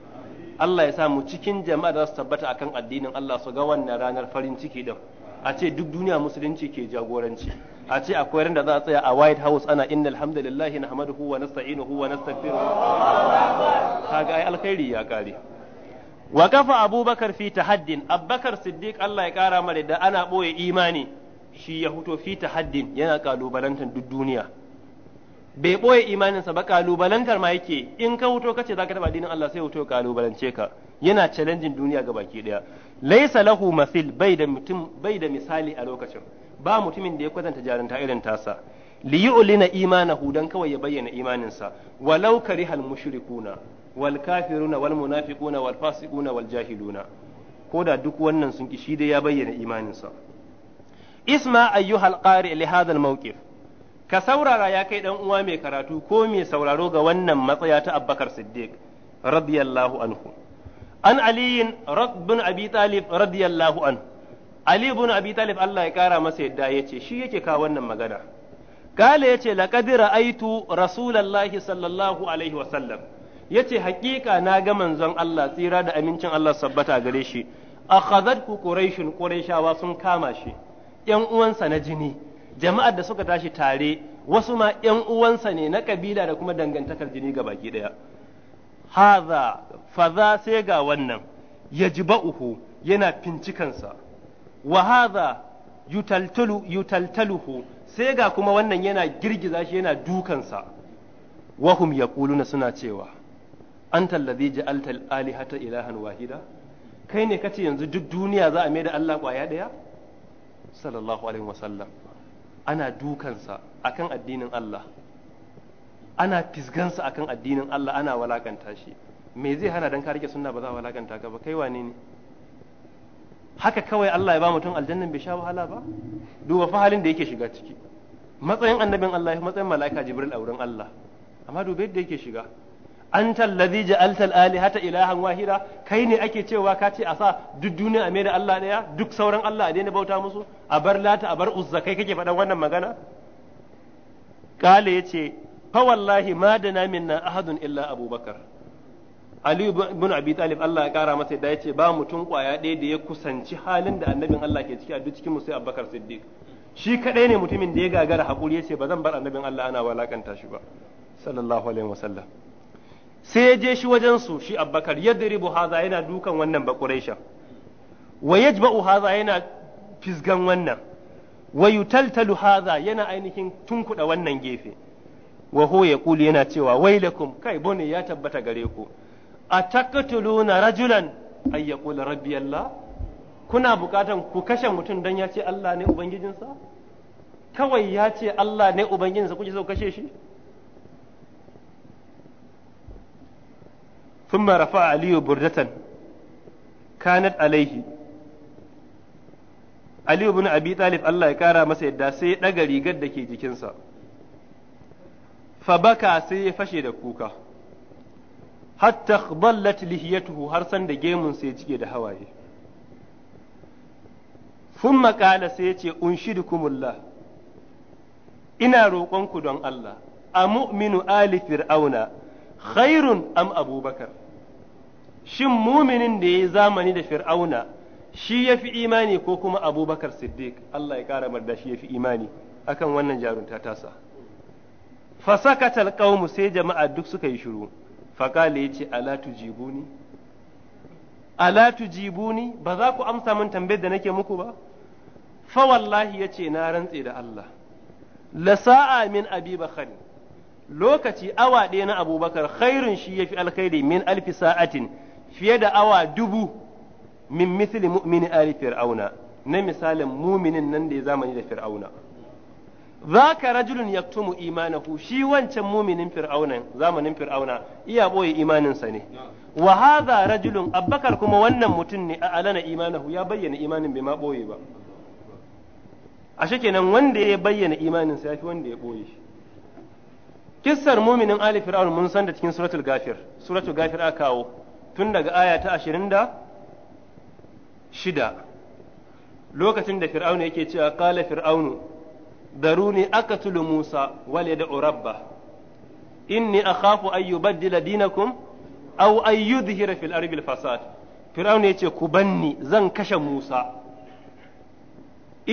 Allah ya sa mu cikin jama'ar da su tabbata akan addinin Allah su ga wannan ranar farin ciki din a ce duk duniya musulunci ke jagoranci a ce akwai ran da za a tsaya a White House ana innal hamdalillahi nahmaduhu wa nasta'inuhu wa nastaghfiruh kaga ai alkhairi ya kare wa kafa abubakar fi tahaddin abubakar siddiq Allah ya kara mare da ana boye imani shi ya huto fi haddin yana kalubalantar duk duniya bai boye imaninsa ba kalubalantar ma yake in ka huto kace zaka taba addinin Allah sai huto kalubalance ka yana challenging duniya ga baki daya laisa lahu mathil bai da mutum bai misali a lokacin ba mutumin da ya kwatanta jarunta irin tasa li yu'lina imanahu dan kawai ya bayyana imaninsa walau karihal mushrikuna wal kafiruna wal munafiquna wal fasiquna wal jahiluna ko da duk wannan sun ki shi dai ya bayyana imaninsa isma ayyuhal qari li hadha al mawqif ka saurara ya kai dan uwa mai karatu ko mai sauraro ga wannan matsaya ta Abubakar Siddiq radiyallahu anhu an aliyin bin abi talib radiyallahu an ali bin abi talib Allah ya kara masa yadda yace shi yake kawo wannan magana kale yace laqad ra'aytu rasulallahi sallallahu alaihi wa sallam yace haƙiƙa na ga manzon Allah tsira da amincin Allah sabbata gare shi akhadhat quraishun quraishawa sun kama shi ‘yan uwansa na jini, jama'ar da suka tashi tare, wasu ma ‘yan uwansa ne na kabila da kuma dangantakar jini ga baki ɗaya. Haza, faza sai ga wannan, ya ji ba'uhu yana fincikansa, wa haza yutaltaluhu sai ga kuma wannan yana girgiza shi yana dukansa. Wahum ya suna cewa, An tallazi ja'altal alihata ilahan wahida? Kai ne kace yanzu duk duniya za a mai da Allah ƙwaya ɗaya? sallallahu alaihi wasallam ana dukansa akan addinin Allah ana fisgansa akan addinin Allah ana walakanta shi me zai hana dan ka rike sunna ba za walakanta ka ba kai wane ne haka kawai Allah ya ba mutum aljannan bai sha wahala ba duba fa halin da yake shiga ciki matsayin annabin Allah matsayin mala'ika Jibril a wurin Allah amma duba yadda yake shiga anta alladhi ja'alta al-alihata ilahan wahida kai ne ake cewa ka ce a sa duk duniya a da Allah daya duk sauran Allah a daina bauta musu a bar lata a bar uzza kai kake faɗan wannan magana kale yace fa wallahi ma dana minna ahadun illa abubakar Ali ibn Abi Talib Allah ya kara masa da yace ba mutum kwaya ɗaya da ya kusanci halin da annabin Allah ke ciki a duk cikin sai Abubakar Siddiq shi kadai ne mutumin da ya gagara hakuri yace ba zan bar annabin Allah ana walakanta shi ba sallallahu alaihi wasallam sai ya je shi wajen su shi abbakar ribu haza yana dukan wannan bakuraisha wa yajba'u haza yana fisgan wannan wa yutaltalu haza yana ainihin tunkuda wannan gefe wa ya kuli yana cewa wailakum kai bone ya tabbata gare ku A na rajulan ay rabbi allah kuna bukatan ku kashe mutum dan ya ce Allah ne ubangijinsa kawai ya ce Allah ne ubangijinsa kuke so kashe shi ثم رفع علي بردة كانت عليه علي بن أبي طالب الله يكارى مسيدا سي دغري قد دكي جكنسا فبكى سي فشي دكوكا حتى خضلت لهيته هرسن دجيمون سي جكي دهوايه sun makala sai ya انشدكم الله ina roƙonku don Allah a mu'minu ali fir'auna khairun am abubakar shin muminin da ya yi zamani da fir'auna shi ya fi imani ko kuma abubakar siddiq Allah ya kara marda shi ya fi imani akan wannan jarunta tasa fasakatal alqaumu sai jama'a duk suka yi shiru faqala yace ala tujibuni ala tujibuni ba za ku amsa min tambayar da nake muku ba fa wallahi yace na rantse da Allah la sa'a min abi bakari lokaci awa ɗaya na abubakar khairun shi ya fi alkhairi min alfi sa'atin fiye da awa dubu min misali mu'mini ali fir'auna na misalin muminin nan da ya zamani da fir'auna Za ka rajulun yaktumu imanahu shi wancan muminin fir'auna zamanin fir'auna iya ɓoye imaninsa ne wa haza rajulun abbakar kuma wannan mutum ne a alana imanahu ya bayyana imanin bai ma ɓoye ba a kenan wanda ya bayyana imaninsa ya fi wanda ya ɓoye. shi kissar muminin ali fir'aun mun san da cikin suratul gafir suratul gafir aka kawo tun daga aya ta ashirin da shida lokacin da fir'aun yake cewa qala fir'aunu daruni tulu musa wal yad'u rabba inni akhafu an yubaddila dinakum aw an yudhira fil ardi al fasad fir'aun yace ku banni zan kashe musa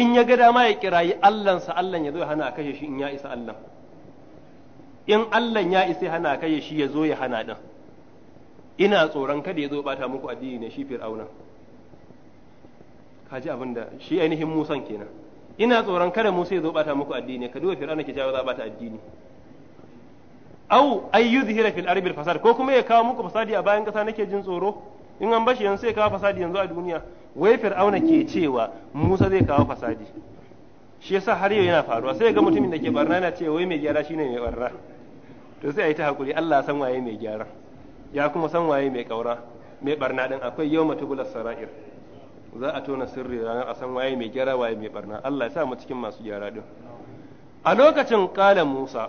in ya ga dama ya kirayi allansa Allah ya zo hana kashe shi in ya isa allah in Allah ya isa hana ka ya shi ya zo ya hana din ina tsoron kada ya zo bata muku addini ne shi fir'auna kaji abin da shi ainihin musan kenan ina tsoron kada musa ya zo bata muku addini ka duba fir'auna ke jawo za bata addini au ay yuzhira fil ardi fasad ko kuma ya kawo muku fasadi a bayan kasa nake jin tsoro in an bashi yanzu sai kawo fasadi yanzu a duniya wai fir'auna ke cewa musa zai kawo fasadi shi yasa har yau yana faruwa sai ga mutumin da ke barna yana cewa wai mai gyara shine mai barna to sai a yi ta hakuri Allah san waye mai gyara ya kuma san waye mai kaura mai barna din akwai yau tubulas sara'ir za a tona sirri ranar a san waye mai gyara waye mai barna Allah ya sa mu cikin masu gyara din a lokacin kala Musa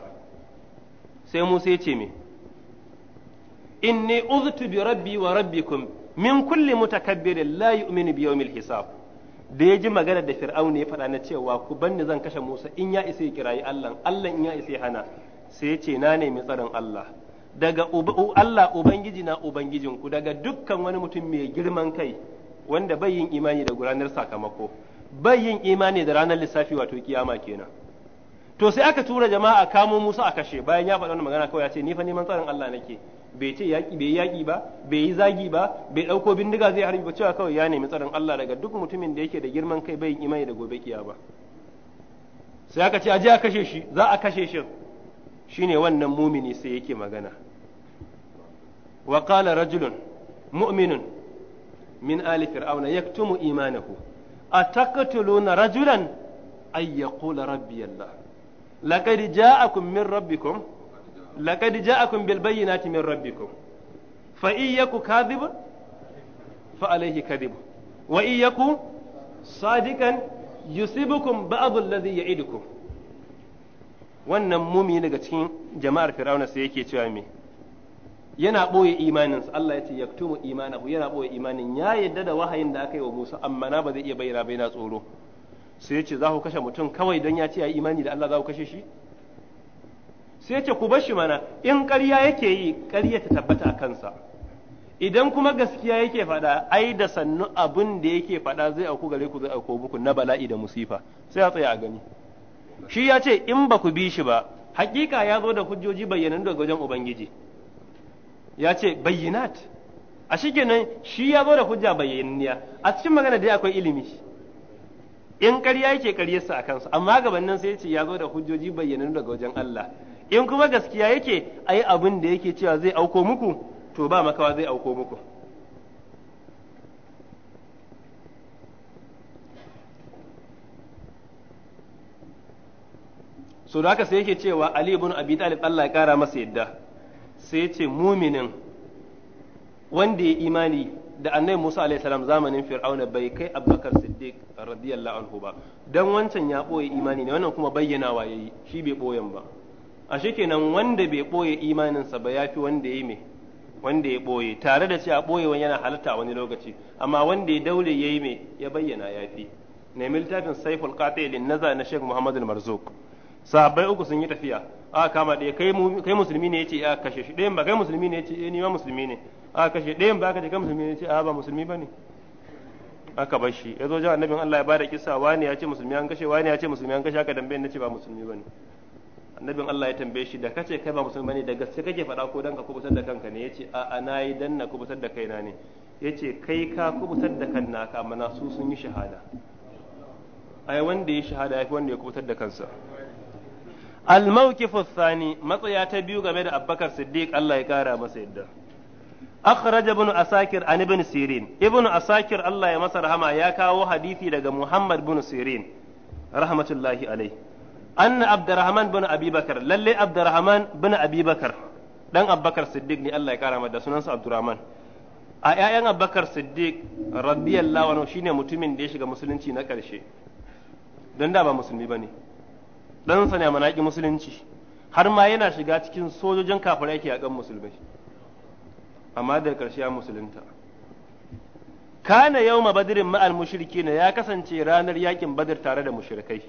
sai Musa ya ce me inni uztu bi rabbi wa rabbikum min kulli mutakabbirin la yu'minu bi yawmil hisab da ya ji magana da fir'auna ya faɗa na cewa ku banni zan kashe Musa in ya isa ya kirayi Allah Allah in ya isa ya hana sai ya ce na nemi tsarin Allah daga Allah ubangiji na ubangijinku daga dukkan wani mutum mai girman kai wanda bai yin imani da guranar sakamako bai yin imani da ranar lissafi wato kiyama kenan to sai aka tura jama'a kamo Musa a kashe bayan ya faɗa wannan magana kawai ya ce ni fa neman tsarin Allah nake bai ce yaƙi bai yaki ba bai yi zagi ba bai ɗauko bindiga zai harbi ba cewa kawai ya nemi tsarin Allah daga duk mutumin da yake da girman kai bai yin imani da gobe kiyama sai aka ce aje a kashe shi za a kashe shi shine wannan mumini sai yake magana wa qala rajulun mu'minun min ali fir'auna yaktumu imanahu ataqtuluna rajulan ay yaqula rabbi allah laqad ja'akum min rabbikum laqad ja'akum bil bayyinati min rabbikum fa iyyaku kadhibun fa alayhi kadhibun wa iyyaku sadikan yusibukum ba'd alladhi ya'idukum wannan mumi daga cikin jama'ar fir'auna sai yake cewa me yana ɓoye imaninsa Allah ya ce yaktumu imanahu yana ɓoye imanin ya yadda da wahayin da aka yi wa Musa amma na ba zai iya bayyana bai na tsoro sai ce za ku kashe mutum kawai don ya ce ya imani da Allah za ku kashe shi sai ce ku bashi mana in ƙarya yake yi ƙarya ta tabbata a kansa idan kuma gaskiya yake faɗa ai da sannu abin da yake faɗa zai auku gare ku zai auku muku na bala'i da musifa sai a tsaya a gani shi ya ce in ba ku bi shi ba hakika ya zo da hujjoji bayyanan daga wajen ubangiji ya ce bayyinat a shi kenan shi ya zo da hujja bayyananniya a cikin magana dai akwai ilimi in ƙarya yake ƙaryarsa a kansa amma gabanin sai ya ce ya zo da hujjoji bayyanan daga wajen Allah in kuma gaskiya yake ayi abin da yake cewa zai auko muku to ba makawa zai auko muku so da haka sai yake cewa Ali ibn Abi Talib Allah ya kara masa yadda sai ya ce muminin wanda ya imani da annabi Musa alaihi salam zamanin Fir'auna bai kai Abubakar Siddiq radiyallahu anhu ba dan wancan ya boye imani ne wannan kuma bayyanawa yayi shi bai boyen ba a kenan wanda bai boye imaninsa ba yafi wanda ya me wanda ya boye tare da cewa wani yana halatta wani lokaci amma wanda ya daure yayi me ya bayyana yafi nemi littafin Saiful Qati' lin Naza na Sheikh Muhammad al-Marzuq sahabbai uku sun yi tafiya aka kama ɗaya kai kai musulmi ne yace a kashe shi ɗayan ba kai musulmi ne yace eh ni ma musulmi ne aka kashe ɗayan ba kace kai musulmi ne yace a ba musulmi bane aka bar shi yazo jan annabin Allah ya bada kissa wani yace musulmi an kashe wani yace musulmi an kashe aka dambe nace ba musulmi bane annabin Allah ya tambaye shi da kace kai ba musulmi bane da gaske kake faɗa ko dan ka kubutar da kanka ne yace a a nayi dan na kubutar da kaina ne yace kai ka kubutar da kan naka amma su sun yi shahada ai wanda ya shahada yafi wanda ya kubutar da kansa الموقف matsaya ta biyu game da Abubakar Siddiq Allah ya kara masa yadda أخرج ابن أساكر عن ابن سيرين ابن أساكر الله يا مصر هما يا كاو حديثي daga محمد بن سيرين رحمة الله عليه أن عبد الرحمن بن أبي بكر للي عبد الرحمن بن أبي بكر dan Abubakar Siddiq Allah ya kara masa sunansa Abdurrahman a ƴaƴan Abubakar Siddiq radiyallahu anhu shine mutumin da ya shiga musulunci na karshe don da ba musulmi bane ɗansa ne manaƙi musulunci har ma yana shiga cikin sojojin kafirai yake yaƙan musulmai amma da ƙarshe ya musulunta kana yauma badrin ma'al ne ya kasance ranar yakin badr tare da mushrikai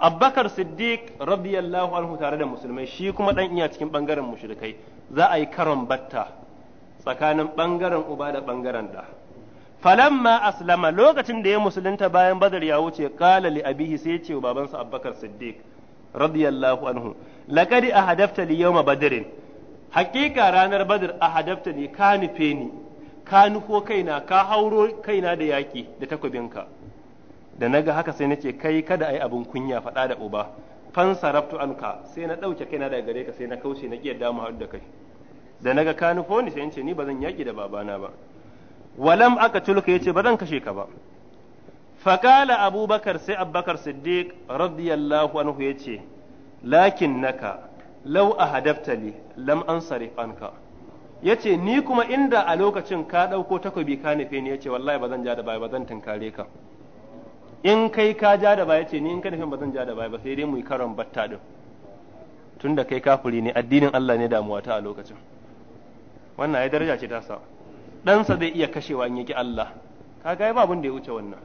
abbakar siddiq radiyallahu anhu tare da musulmai shi kuma dan iya cikin bangaren mushrikai za a yi karon batta tsakanin bangaren uba da bangaren da falamma aslama lokacin da ya musulunta bayan badar ya wuce kalali li abihi sai ya ce babansa abbakar siddiq radiyallahu anhu laqad ahadafta li yawma badrin haqiqa ranar badr ahadafta ni ka nufe ni ka nufo kaina ka hauro kaina da yaki da takobinka da naga haka sai nace kai kada ai abun kunya faɗa da uba fansaraftu anka sai na ɗauke kaina daga gare ka sai na kaushe na kiyar damu haɗu da kai da naga ka nufo ni sai na ce ni ba zan yaki da babana ba walam aka tulka yace ba zan kashe ka ba fakala abubakar sai abubakar siddiq radiyallahu anhu yace lakin naka law ahadaftali lam ansarif anka yace ni kuma inda a lokacin ka dauko takobi ka nufe ni yace wallahi ba zan ja da baya ba zan tunkare ka in kai ka ja da baya yace ni in ka nufin ba zan ja da baya ba sai dai mu yi karon batta din tunda kai kafuri ne addinin Allah ne damuwa ta a lokacin wannan ai daraja ce ta sa ɗansa zai iya kashewa in yaƙi Allah kaga ba abun da ya wuce wannan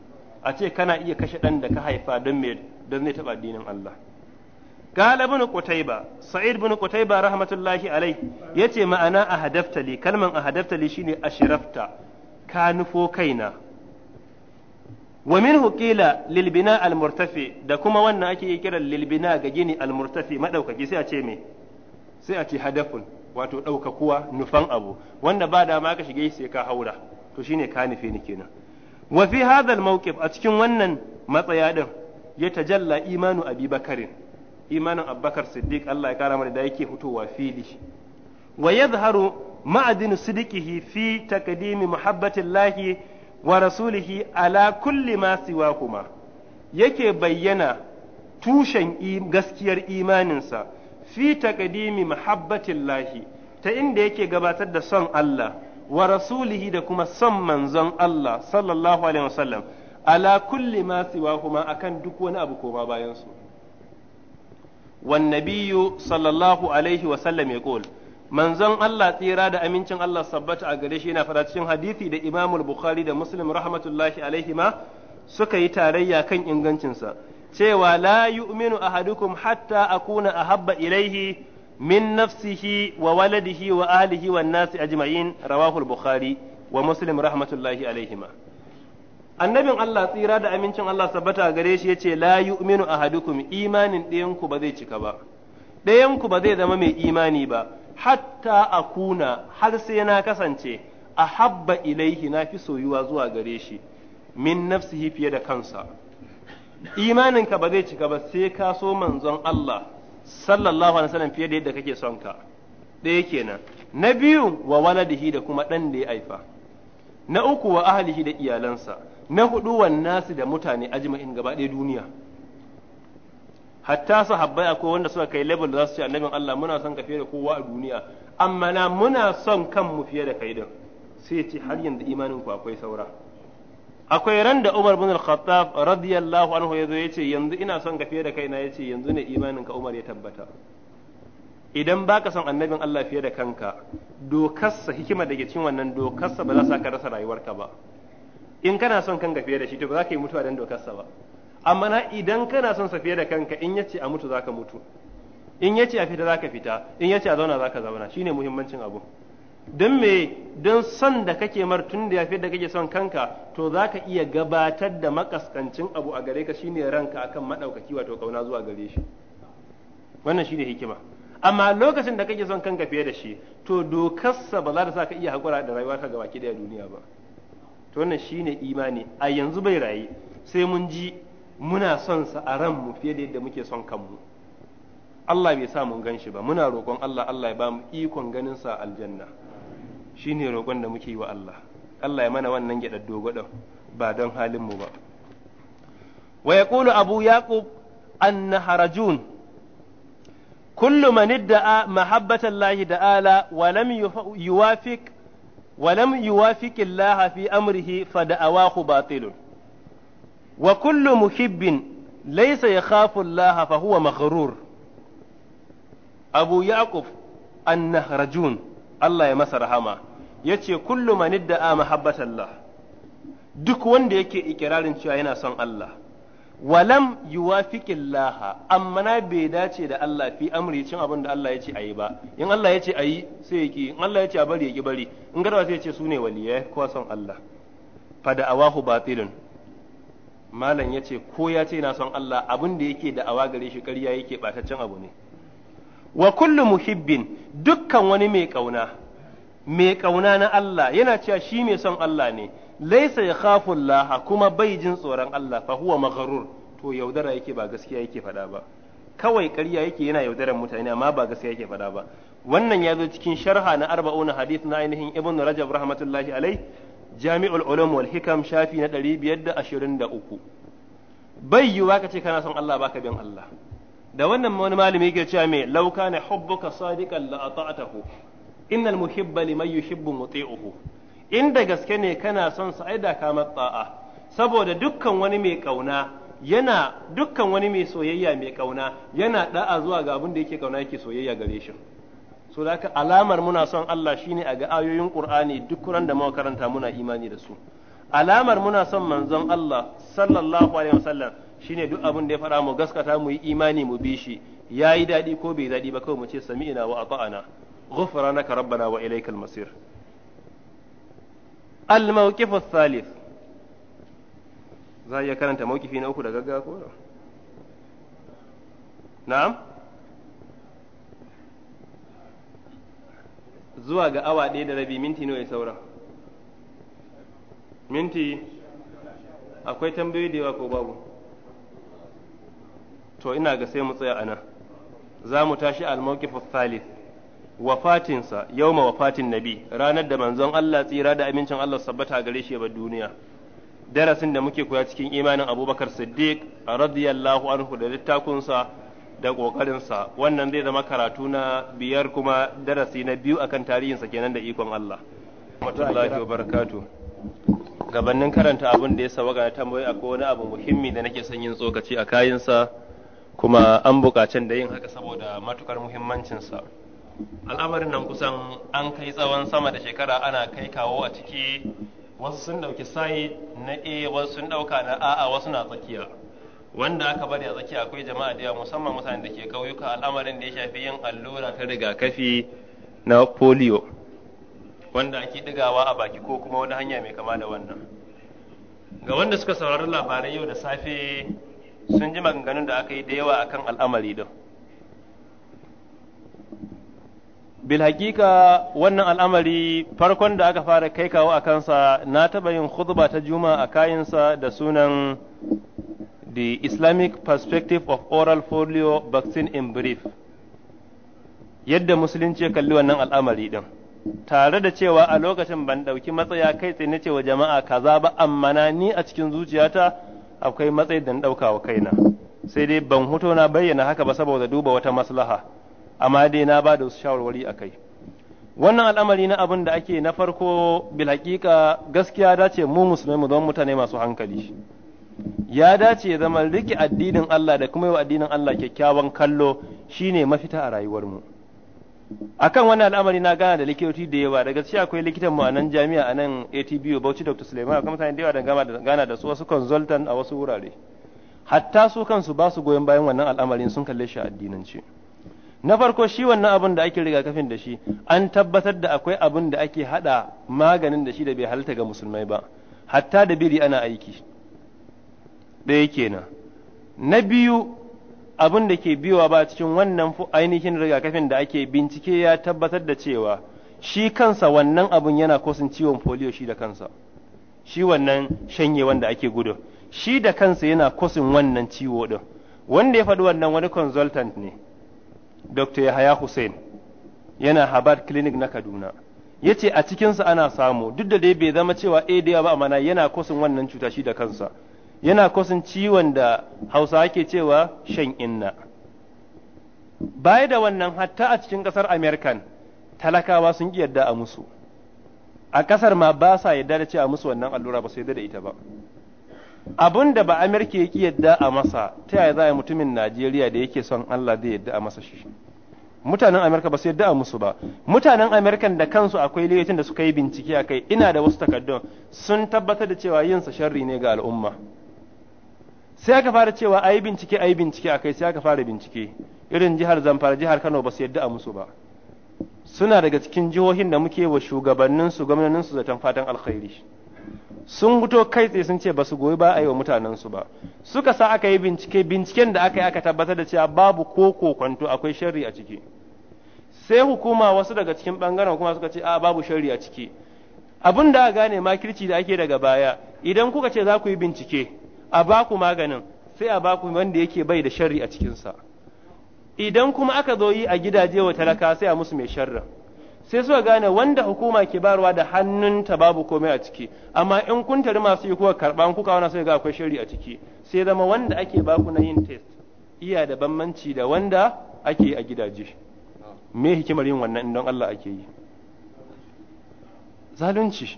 a ce kana iya kashe ɗan da ka haifa don me don zai taɓa addinin Allah Galibin bin Qutayba Sa'id bin Qutayba rahmatullahi alai yace ma'ana a hadaftali kalman a hadaftali shine ashrafta ka nufo kaina wa minhu qila lil bina al murtafi da kuma wannan ake kira lil bina ga gini al murtafi madaukaki sai a ce me sai a ce hadafun wato ɗaukakuwa nufan abu wanda ba dama ka shige sai ka haura to shine ka nufe ni kenan wa fi hadha mawqif a cikin wannan matsaya din ya tajalla imanu abubakar imanin abubakar siddiq Allah ya kara mana da yake fitowa fili wa yadhharu ma'adinu sidqihi fi taqdimi muhabbatillahi wa rasulihi ala kulli ma yake bayyana tushen gaskiyar imaninsa fi taqdimi mahabbatillahi ta inda yake gabatar da son Allah wa rasulihi da kuma son manzon Allah sallallahu alaihi wasallam ala kulli ma siwahuma akan duk wani abu koma bayan su wan nabiyyu sallallahu alaihi wasallam ya qol manzon Allah tsira da amincin Allah sabbata a gare shi yana fara cikin hadisi da Imam Bukhari da Muslim rahmatullahi alaihi ma suka yi tarayya kan ingancinsa cewa la yu'minu ahadukum hatta akuna ahabba ilaihi min nafsihi wa waladihi wa alihi wa nasi ajma'in rawahu al-bukhari wa muslim rahmatullahi alaihima annabin Allah tsira da amincin Allah sabbata gare shi yace la yu'minu ahadukum imanin ɗayan ku ba zai cika ba ɗayan ku ba zai zama mai imani ba hatta akuna har sai na kasance ahabba ilaihi na fi soyuwa zuwa gare shi min nafsihi fiye da kansa imaninka ba zai cika ba sai ka so manzon Allah sallallahu alaihi wasallam fiye da yadda kake son ka ɗaya kenan na biyu wa waladihi da kuma ɗan da ya haifa na uku wa ahlihi da iyalansa na hudu wa nasu da mutane ajma'in gaba ɗaya duniya hatta sahabbai akwai wanda suka kai level da za su ce annabin Allah muna son ka fiye da kowa a duniya amma na muna son kanmu fiye da kai din sai ce har yanzu imanin ku akwai saura akwai ran da Umar bin Al-Khattab radiyallahu anhu yazo yace yanzu ina son ka fiye da kaina yace yanzu ne imanin ka Umar ya tabbata idan baka son annabin Allah fiye da kanka dokar sa hikima da ke cikin wannan sa ba za ka rasa rayuwarka ba in kana son kanka fiye da shi to ba za ka yi mutuwa dan sa ba amma na idan kana son sa fiye da kanka in yace a mutu za ka mutu in yace a fita za ka fita in yace a zauna za ka zauna shine muhimmancin abu don me don son da kake martun da yafi da kake son kanka to za ka iya gabatar da makaskancin abu a gare ka shine ranka akan maɗaukaki wato ƙauna zuwa gare shi wannan shine hikima amma lokacin da kake son kanka fiye da shi to dokarsa ba za ta sa ka iya haƙura da rayuwa ta gabaki ɗaya duniya ba to wannan shine imani a yanzu bai rayu sai mun ji muna son sa a mu fiye da yadda muke son kanmu Allah bai sa mun gan shi ba muna roƙon Allah Allah ya ba mu ikon ganin sa aljanna shine roƙon da muke yi wa Allah Allah ya mana wannan gyaɗar dogodon ba don halin mu ba wa yaqulu abu yaqub annaharajun kullu man idda'a mahabbatan lahi ta'ala wa lam yuwafiq wa lam yuwafiq Allah fi amrihi fa da'awahu batilun wa kullu muhibbin laysa yakhafu Allah fa huwa maghrur abu yaqub annaharajun Allah ya masa rahama yace kullu man a mahabbatallah duk wanda yake ikirarin cewa yana son Allah walam yuwafiqillaha amma na bai dace da Allah fi amri cin abin da Allah yace ayi ba in Allah yace ayi sai yake in Allah yace a bari yake bari in garwa sai yace sune waliyai ko son Allah fa da awahu batilun malam yace ko ya ce yana son Allah abin da yake da awa gare shi ƙarya yake bataccen abu ne wa kullu muhibbin dukkan wani mai kauna mai ƙauna na Allah yana cewa shi mai son Allah ne laisa ya khafun laha kuma bai jin tsoron Allah fa huwa magharur to yaudara yake ba gaskiya yake faɗa ba kawai ƙarya yake yana yaudaran mutane amma ba gaskiya yake faɗa ba wannan ya zo cikin sharha na arba'un hadith na ainihin ibn rajab rahmatullahi alai jami'ul ulum wal hikam shafi na 523 bai yiwa kace kana son Allah baka bin Allah da wannan wani malami yake cewa me lauka ne hubbuka sadiqan la ata'tahu innal muhibba liman yuhibbu muti'uhu inda gaske ne kana son sa ai da ka saboda dukkan wani mai kauna yana dukkan wani mai soyayya mai kauna yana da'a zuwa ga abin da yake kauna yake soyayya gare shi so da alamar muna son Allah shine a ga ayoyin Qur'ani duk ran da muka karanta muna imani da su alamar muna son manzon Allah sallallahu alaihi wasallam shine duk abin da ya fara mu gaskata mu yi imani mu bi shi yayi dadi ko bai dadi ba kawai mu ce sami'ina wa ata'ana غفرانك ربنا وإليك المصير الموقف الثالث za a iya karanta maukifi na uku da gaggawa ko zuwa ga awa ɗaya da rabi minti nawa ya saura minti akwai tambayoyi da yawa ko babu to ina ga sai mu tsaya a nan za mu tashi al-mawqif wafatinsa yau ma wafatin nabi ranar da manzon Allah tsira da amincin Allah sabbata gare shi ba duniya darasin da muke koya cikin imanin abubakar siddiq radiyallahu anhu da littafinsa da ƙoƙarinsa wannan zai zama karatu na biyar kuma darasi na biyu akan tarihinsa kenan da ikon Allah. Gabanin karanta abin da ya sa waga tambayi akwai wani abu muhimmi da nake son yin tsokaci a kayansa kuma an buƙacen da yin haka saboda matukar muhimmancinsa. al'amarin nan kusan an kai tsawon sama da shekara ana kai kawo a ciki wasu sun ɗauki sayi na a wasu sun ɗauka na a'a wasu na tsakiya wanda aka bari a tsakiya akwai jama'a da yawa musamman mutane da ke ƙauyuka al'amarin da ya shafi yin allura ta rigakafi na polio wanda ake ɗigawa a baki ko kuma wani hanya mai kama da wannan ga wanda suka saurari labarai yau da safe sun ji maganganun da aka yi da yawa akan al'amari da. bil wannan al'amari farkon da aka fara kai kawo a kansa na taɓa yin khutba ta juma a kayansa da sunan the islamic perspective of oral polio vaccine in brief yadda musulunci ya kalli wannan al'amari din tare da cewa a lokacin ban ɗauki matsaya kai tsaye na cewa jama'a kaza ba amma na ni a cikin zuciyata akwai matsayi da na ɗauka wa kaina sai dai ban huto na bayyana haka ba saboda duba wata maslaha amma dai na ba da wasu shawarwari a kai wannan al'amari na abin da ake na farko bil hakika gaskiya dace mu musulmai mu zama mutane masu hankali ya dace ya zama rike addinin Allah da kuma yi addinin Allah kyakkyawan kallo shine mafita a rayuwarmu mu akan wannan al'amari na gana da likitoci da yawa daga cikin akwai likitan mu a nan jami'a a nan ATBU Bauchi Dr. Suleiman akwai mutane da yawa da gana da su wasu consultant a wasu wurare hatta su kansu ba su goyon bayan wannan al'amarin sun kalle shi addinance na farko shi wannan abin da ake rigakafin da shi an tabbatar da akwai abin da ake hada maganin da shi da bai halta ga musulmai ba hatta da biri ana aiki ɗaya kenan na biyu abin da ke biyowa ba cikin wannan ainihin rigakafin da ake bincike ya tabbatar da cewa shi kansa wannan abin yana kosin ciwon polio shi da kansa shi wannan shanye wanda ake gudu shi da kansa yana kosin wannan ciwo din wanda ya faɗi wannan wani consultant ne Dr. Yahaya Hussein yana Habad Clinic na Kaduna. Ya ce a cikinsa ana samu duk da dai bai zama cewa A da ba amana yana kosin wannan cuta shi da kansa. Yana kosin ciwon da Hausa ke cewa shan inna. Baya da wannan hatta a cikin ƙasar American talakawa sun ƙi yadda a musu. A kasar ma ba sa yadda da a musu wannan allura ba sai da ita ba. abin da ba Amerika ya ki yadda a masa ta yaya za a yi mutumin Najeriya da yake son Allah zai yadda a masa shi mutanen Amerika ba su yadda a musu ba mutanen Amerika da kansu akwai laifin da suka yi bincike a kai ina da wasu takardun sun tabbatar da cewa yinsa sharri ne ga al'umma sai aka fara cewa ayi bincike ayi bincike a kai sai aka fara bincike irin jihar Zamfara jihar Kano ba su yadda a musu ba suna daga cikin jihohin da muke wa shugabanninsu gwamnaninsu zaton fatan alkhairi sun huto kai tsaye sun ce ba su goyi ba a yi wa mutanensu ba suka sa aka yi bincike binciken da aka yi aka tabbatar da cewa babu ko kokonto akwai sharri a ciki sai hukuma wasu daga cikin bangaren kuma suka ce a babu sharri a ciki abin da gane ma makirci da ake daga baya idan kuka ce za ku yi bincike a baku maganin sai a baku wanda yake bai da sharri a cikinsa idan kuma aka zo yi a gidaje wa talaka sai a musu mai sharrin sai suka gane wanda hukuma ke barwa da hannunta babu komai a ciki amma in kun tari masu yi kuka karɓa kuka wani sai ga akwai shiri a ciki sai zama wanda ake baku na yin test iya da bambanci da wanda ake a gidaje me hikimar yin wannan don Allah ake yi zalunci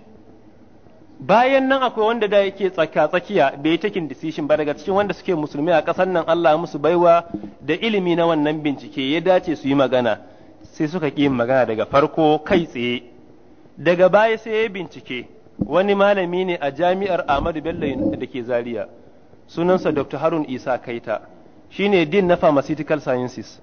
bayan nan akwai wanda da yake tsaka-tsakiya bai taking decision ba daga cikin wanda suke musulmi a ƙasar nan Allah musu baiwa da ilimi na wannan bincike ya dace su yi magana sai suka ƙi magana daga farko kai tsaye daga baya sai ya bincike wani malami ne a jami'ar Ahmadu Bello da ke Zaria sunansa Dr. Harun Isa Kaita shine din na pharmaceutical sciences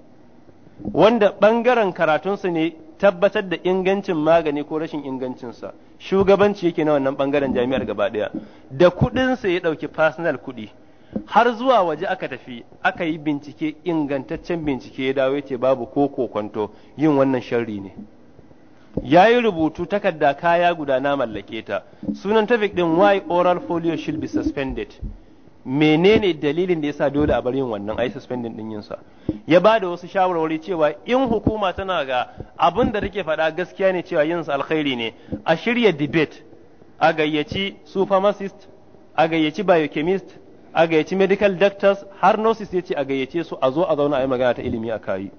wanda ɓangaren karatunsa ne tabbatar da ingancin magani ko rashin ingancinsa shugabanci yake na wannan ɓangaren jami'ar gaba ɗaya da kuɗinsa ya ɗauki personal kuɗi har zuwa waje aka tafi aka yi bincike ingantaccen bincike ya dawo yace babu ko kokonto yin wannan sharri ne ya yi rubutu takarda kaya guda na mallake ta sunan tafik din why oral folio should be suspended menene dalilin da yasa dole a bar yin wannan ai suspending din yinsa ya ba da wasu shawarwari cewa in hukuma tana ga abin da take faɗa gaskiya ne cewa yin sa alkhairi ne a shirya debate a gayyaci su pharmacist a gayyaci biochemist a gayyaci medical doctors har nurses ya ce a gayyace su a zo a zauna a yi magana ta ilimi a kayi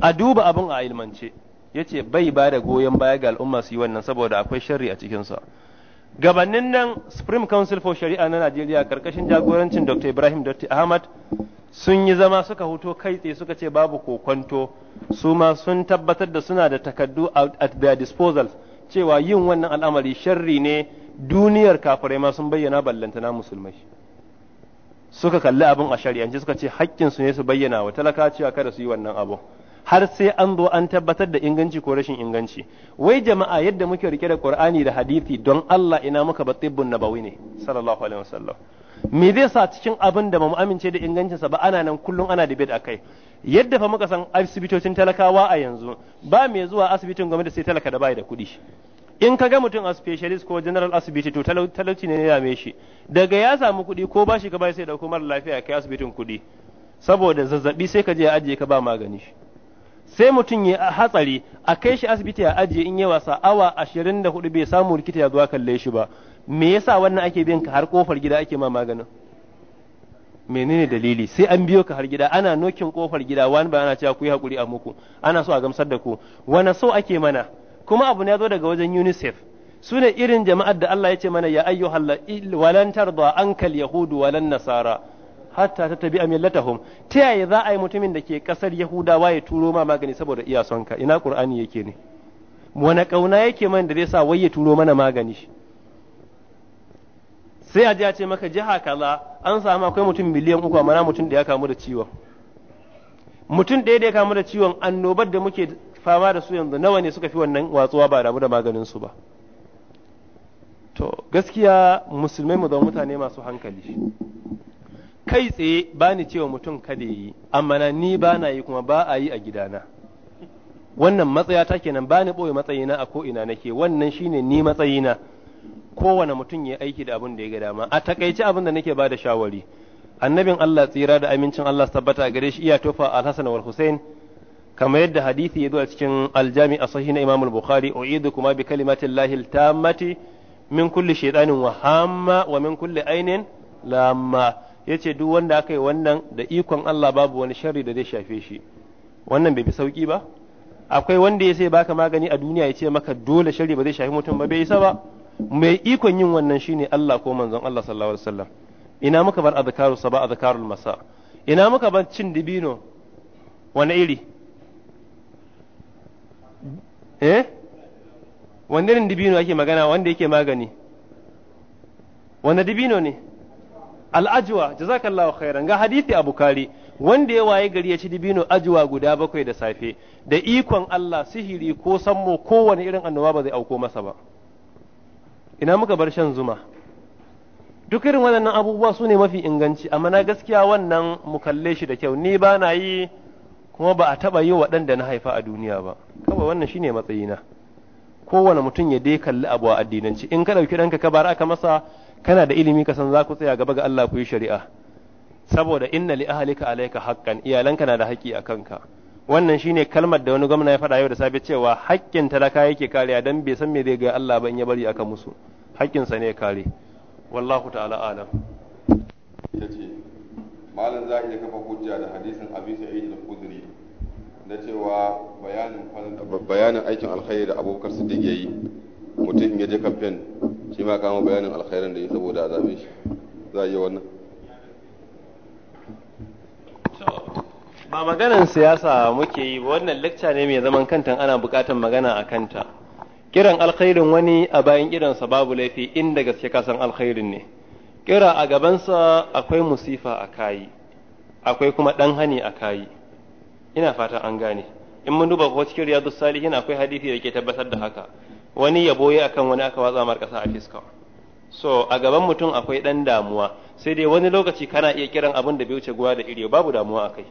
a duba abin a ilmance ya ce bai ba da goyon baya ga al'umma su yi wannan saboda akwai sharri a cikinsa gabanin nan supreme council for shari'a na najeriya karkashin jagorancin dr ibrahim dr ahmad sun yi zama suka huto kai tsaye suka ce babu kokwanto su ma sun tabbatar da suna da takaddu at their disposal cewa yin wannan al'amari sharri ne duniyar kafirai ma sun bayyana ballantana musulmai suka kalli abin a shari'ance suka ce haƙƙinsu su ne su bayyana wa talaka cewa kada su yi wannan abu har sai an zo an tabbatar da inganci ko rashin inganci wai jama'a yadda muke rike da Qur'ani da hadisi don Allah ina muka ba tibbun nabawi ne sallallahu alaihi wasallam me zai sa cikin abin da mu amince da ingancin sa ba ana nan kullum ana debate akai yadda fa muka san asibitocin talakawa a yanzu ba mai zuwa asibitin gwamnati sai talaka da bai da kuɗi in ka ga mutum a specialist ko general asibiti to talauci ne ya dame shi daga ya samu kuɗi ko ba shi ka bai sai dauko mara lafiya kai asibitin kuɗi saboda zazzabi sai ka je a ajiye ka ba magani shi sai mutum ya hatsari a kai shi asibiti a ajiye in yi wasa awa ashirin da hudu bai samu rikita ya zuwa kalle shi ba me yasa wannan ake bin ka har kofar gida ake ma maganin menene dalili sai an biyo ka har gida ana nokin kofar gida wani ba ana cewa ku yi hakuri a muku ana so a gamsar da ku wani so ake mana kuma abu ne ya zo daga wajen UNICEF su ne irin jama'ar da Allah ya ce mana ya walantar da tarda ankal yahudu walan nasara hatta ta tabi amillatahum ta yaya za a yi mutumin da ke kasar yahudawa ya turo ma magani saboda iya ka? ina qur'ani yake ne wani kauna yake man da zai sa wai ya turo mana magani sai a a ce maka jiha kaza an samu akwai mutum miliyan uku amma mutum da ya kamu da ciwon mutum ɗaya da ya kamu da ciwon annobar da muke fama da su yanzu nawa ne suka fi wannan watsuwa ba damu da maganin su ba to gaskiya musulmai mu zama mutane masu hankali kai tsaye ba ni cewa mutum kada yi amma na ni ba na yi kuma ba a yi a gidana wannan matsaya ta kenan ba ni ɓoye matsayina a ko ina nake wannan shine ni matsayina kowane mutum ya aiki da abin da ya ga dama a takaice abin da nake ba da shawari annabin Allah tsira da amincin Allah tabbata gare shi iya tofa al-Hasan wal Hussein kamar yadda hadisi ya zo a cikin aljami a sahihin na Imam al-Bukhari u'idu kuma bi kalimatin lahil tammati min kulli shaytanin wa hamma wa min kulli ainin lamma yace duk wanda aka yi wannan da ikon Allah babu wani sharri da zai shafe shi wannan bai bi sauki ba akwai wanda ya sai baka magani a duniya ya ce maka dole sharri ba zai shafi mutum ba bai isa ba mai ikon yin wannan shine Allah ko manzon Allah sallallahu alaihi wasallam ina muka bar azkaru saba azkarul masa ina muka bar cin dibino wani iri eh wanne irin dibino ake magana wanda yake magani wanda dibino ne al'ajwa jazakallahu khairan ga hadisi a bukari wanda ya waye gari ya ci dibino ajwa guda bakwai da safe da ikon Allah sihiri ko sammo kowane irin annoba ba zai auko masa ba ina muka bar shan zuma duk irin waɗannan abubuwa su ne mafi inganci amma na gaskiya wannan mu kalle shi da kyau ni ba na yi kuma ba a taɓa yi waɗanda na haifa a duniya ba kawai wannan shine matsayina kowane mutum ya dai kalli abu a addinanci in ka ɗauki ɗanka ka bara aka masa kana da ilimi ka san za ku tsaya gaba ga Allah ku yi shari'a saboda inna li ahlika alayka haqqan iyalanka na da haƙƙi a kanka wannan shine kalmar da wani gwamna ya faɗa yau da safe cewa haƙƙin talaka yake kariya dan bai san me zai ga Allah ba in ya bari aka musu haƙƙinsa ne kare wallahu ta'ala alam malam za a iya kafa hujja da hadisin abi sa'id da khudri na cewa bayanin bayanin aikin alkhairi da abubakar siddiq yayi mutum ya je kamfen shi ma kama bayanin alkhairin da yi saboda a zabe shi za a yi wannan ba maganan siyasa muke yi ba wannan lecture ne mai zaman kanta ana buƙatar magana a kanta kiran alkhairin wani a bayan kiransa babu laifi inda gaske kasan alkhairin ne kira a gabansa akwai musifa a kayi akwai kuma ɗan hani a kayi ina fata an gane in mun duba ko cikin riyadu salihin akwai hadisi da ke tabbatar da haka wani yabo ya akan wani aka watsa mar kasa a fiska so a gaban mutum akwai ɗan damuwa sai dai wani lokaci kana iya kiran abin da bai wuce gowa da iri babu damuwa a kai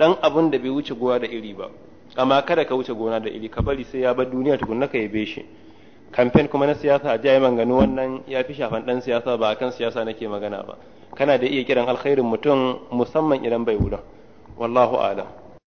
ɗan abin da bai wuce gowa da iri ba amma kada ka wuce gona da iri ka bari sai ya bar duniya tukunna ka yabe shi kamfen kuma na siyasa a jaye manganu wannan ya fi shafan dan siyasa ba akan siyasa nake magana ba kana da iya kiran alkhairin mutum musamman idan bai wurin wallahu a'lam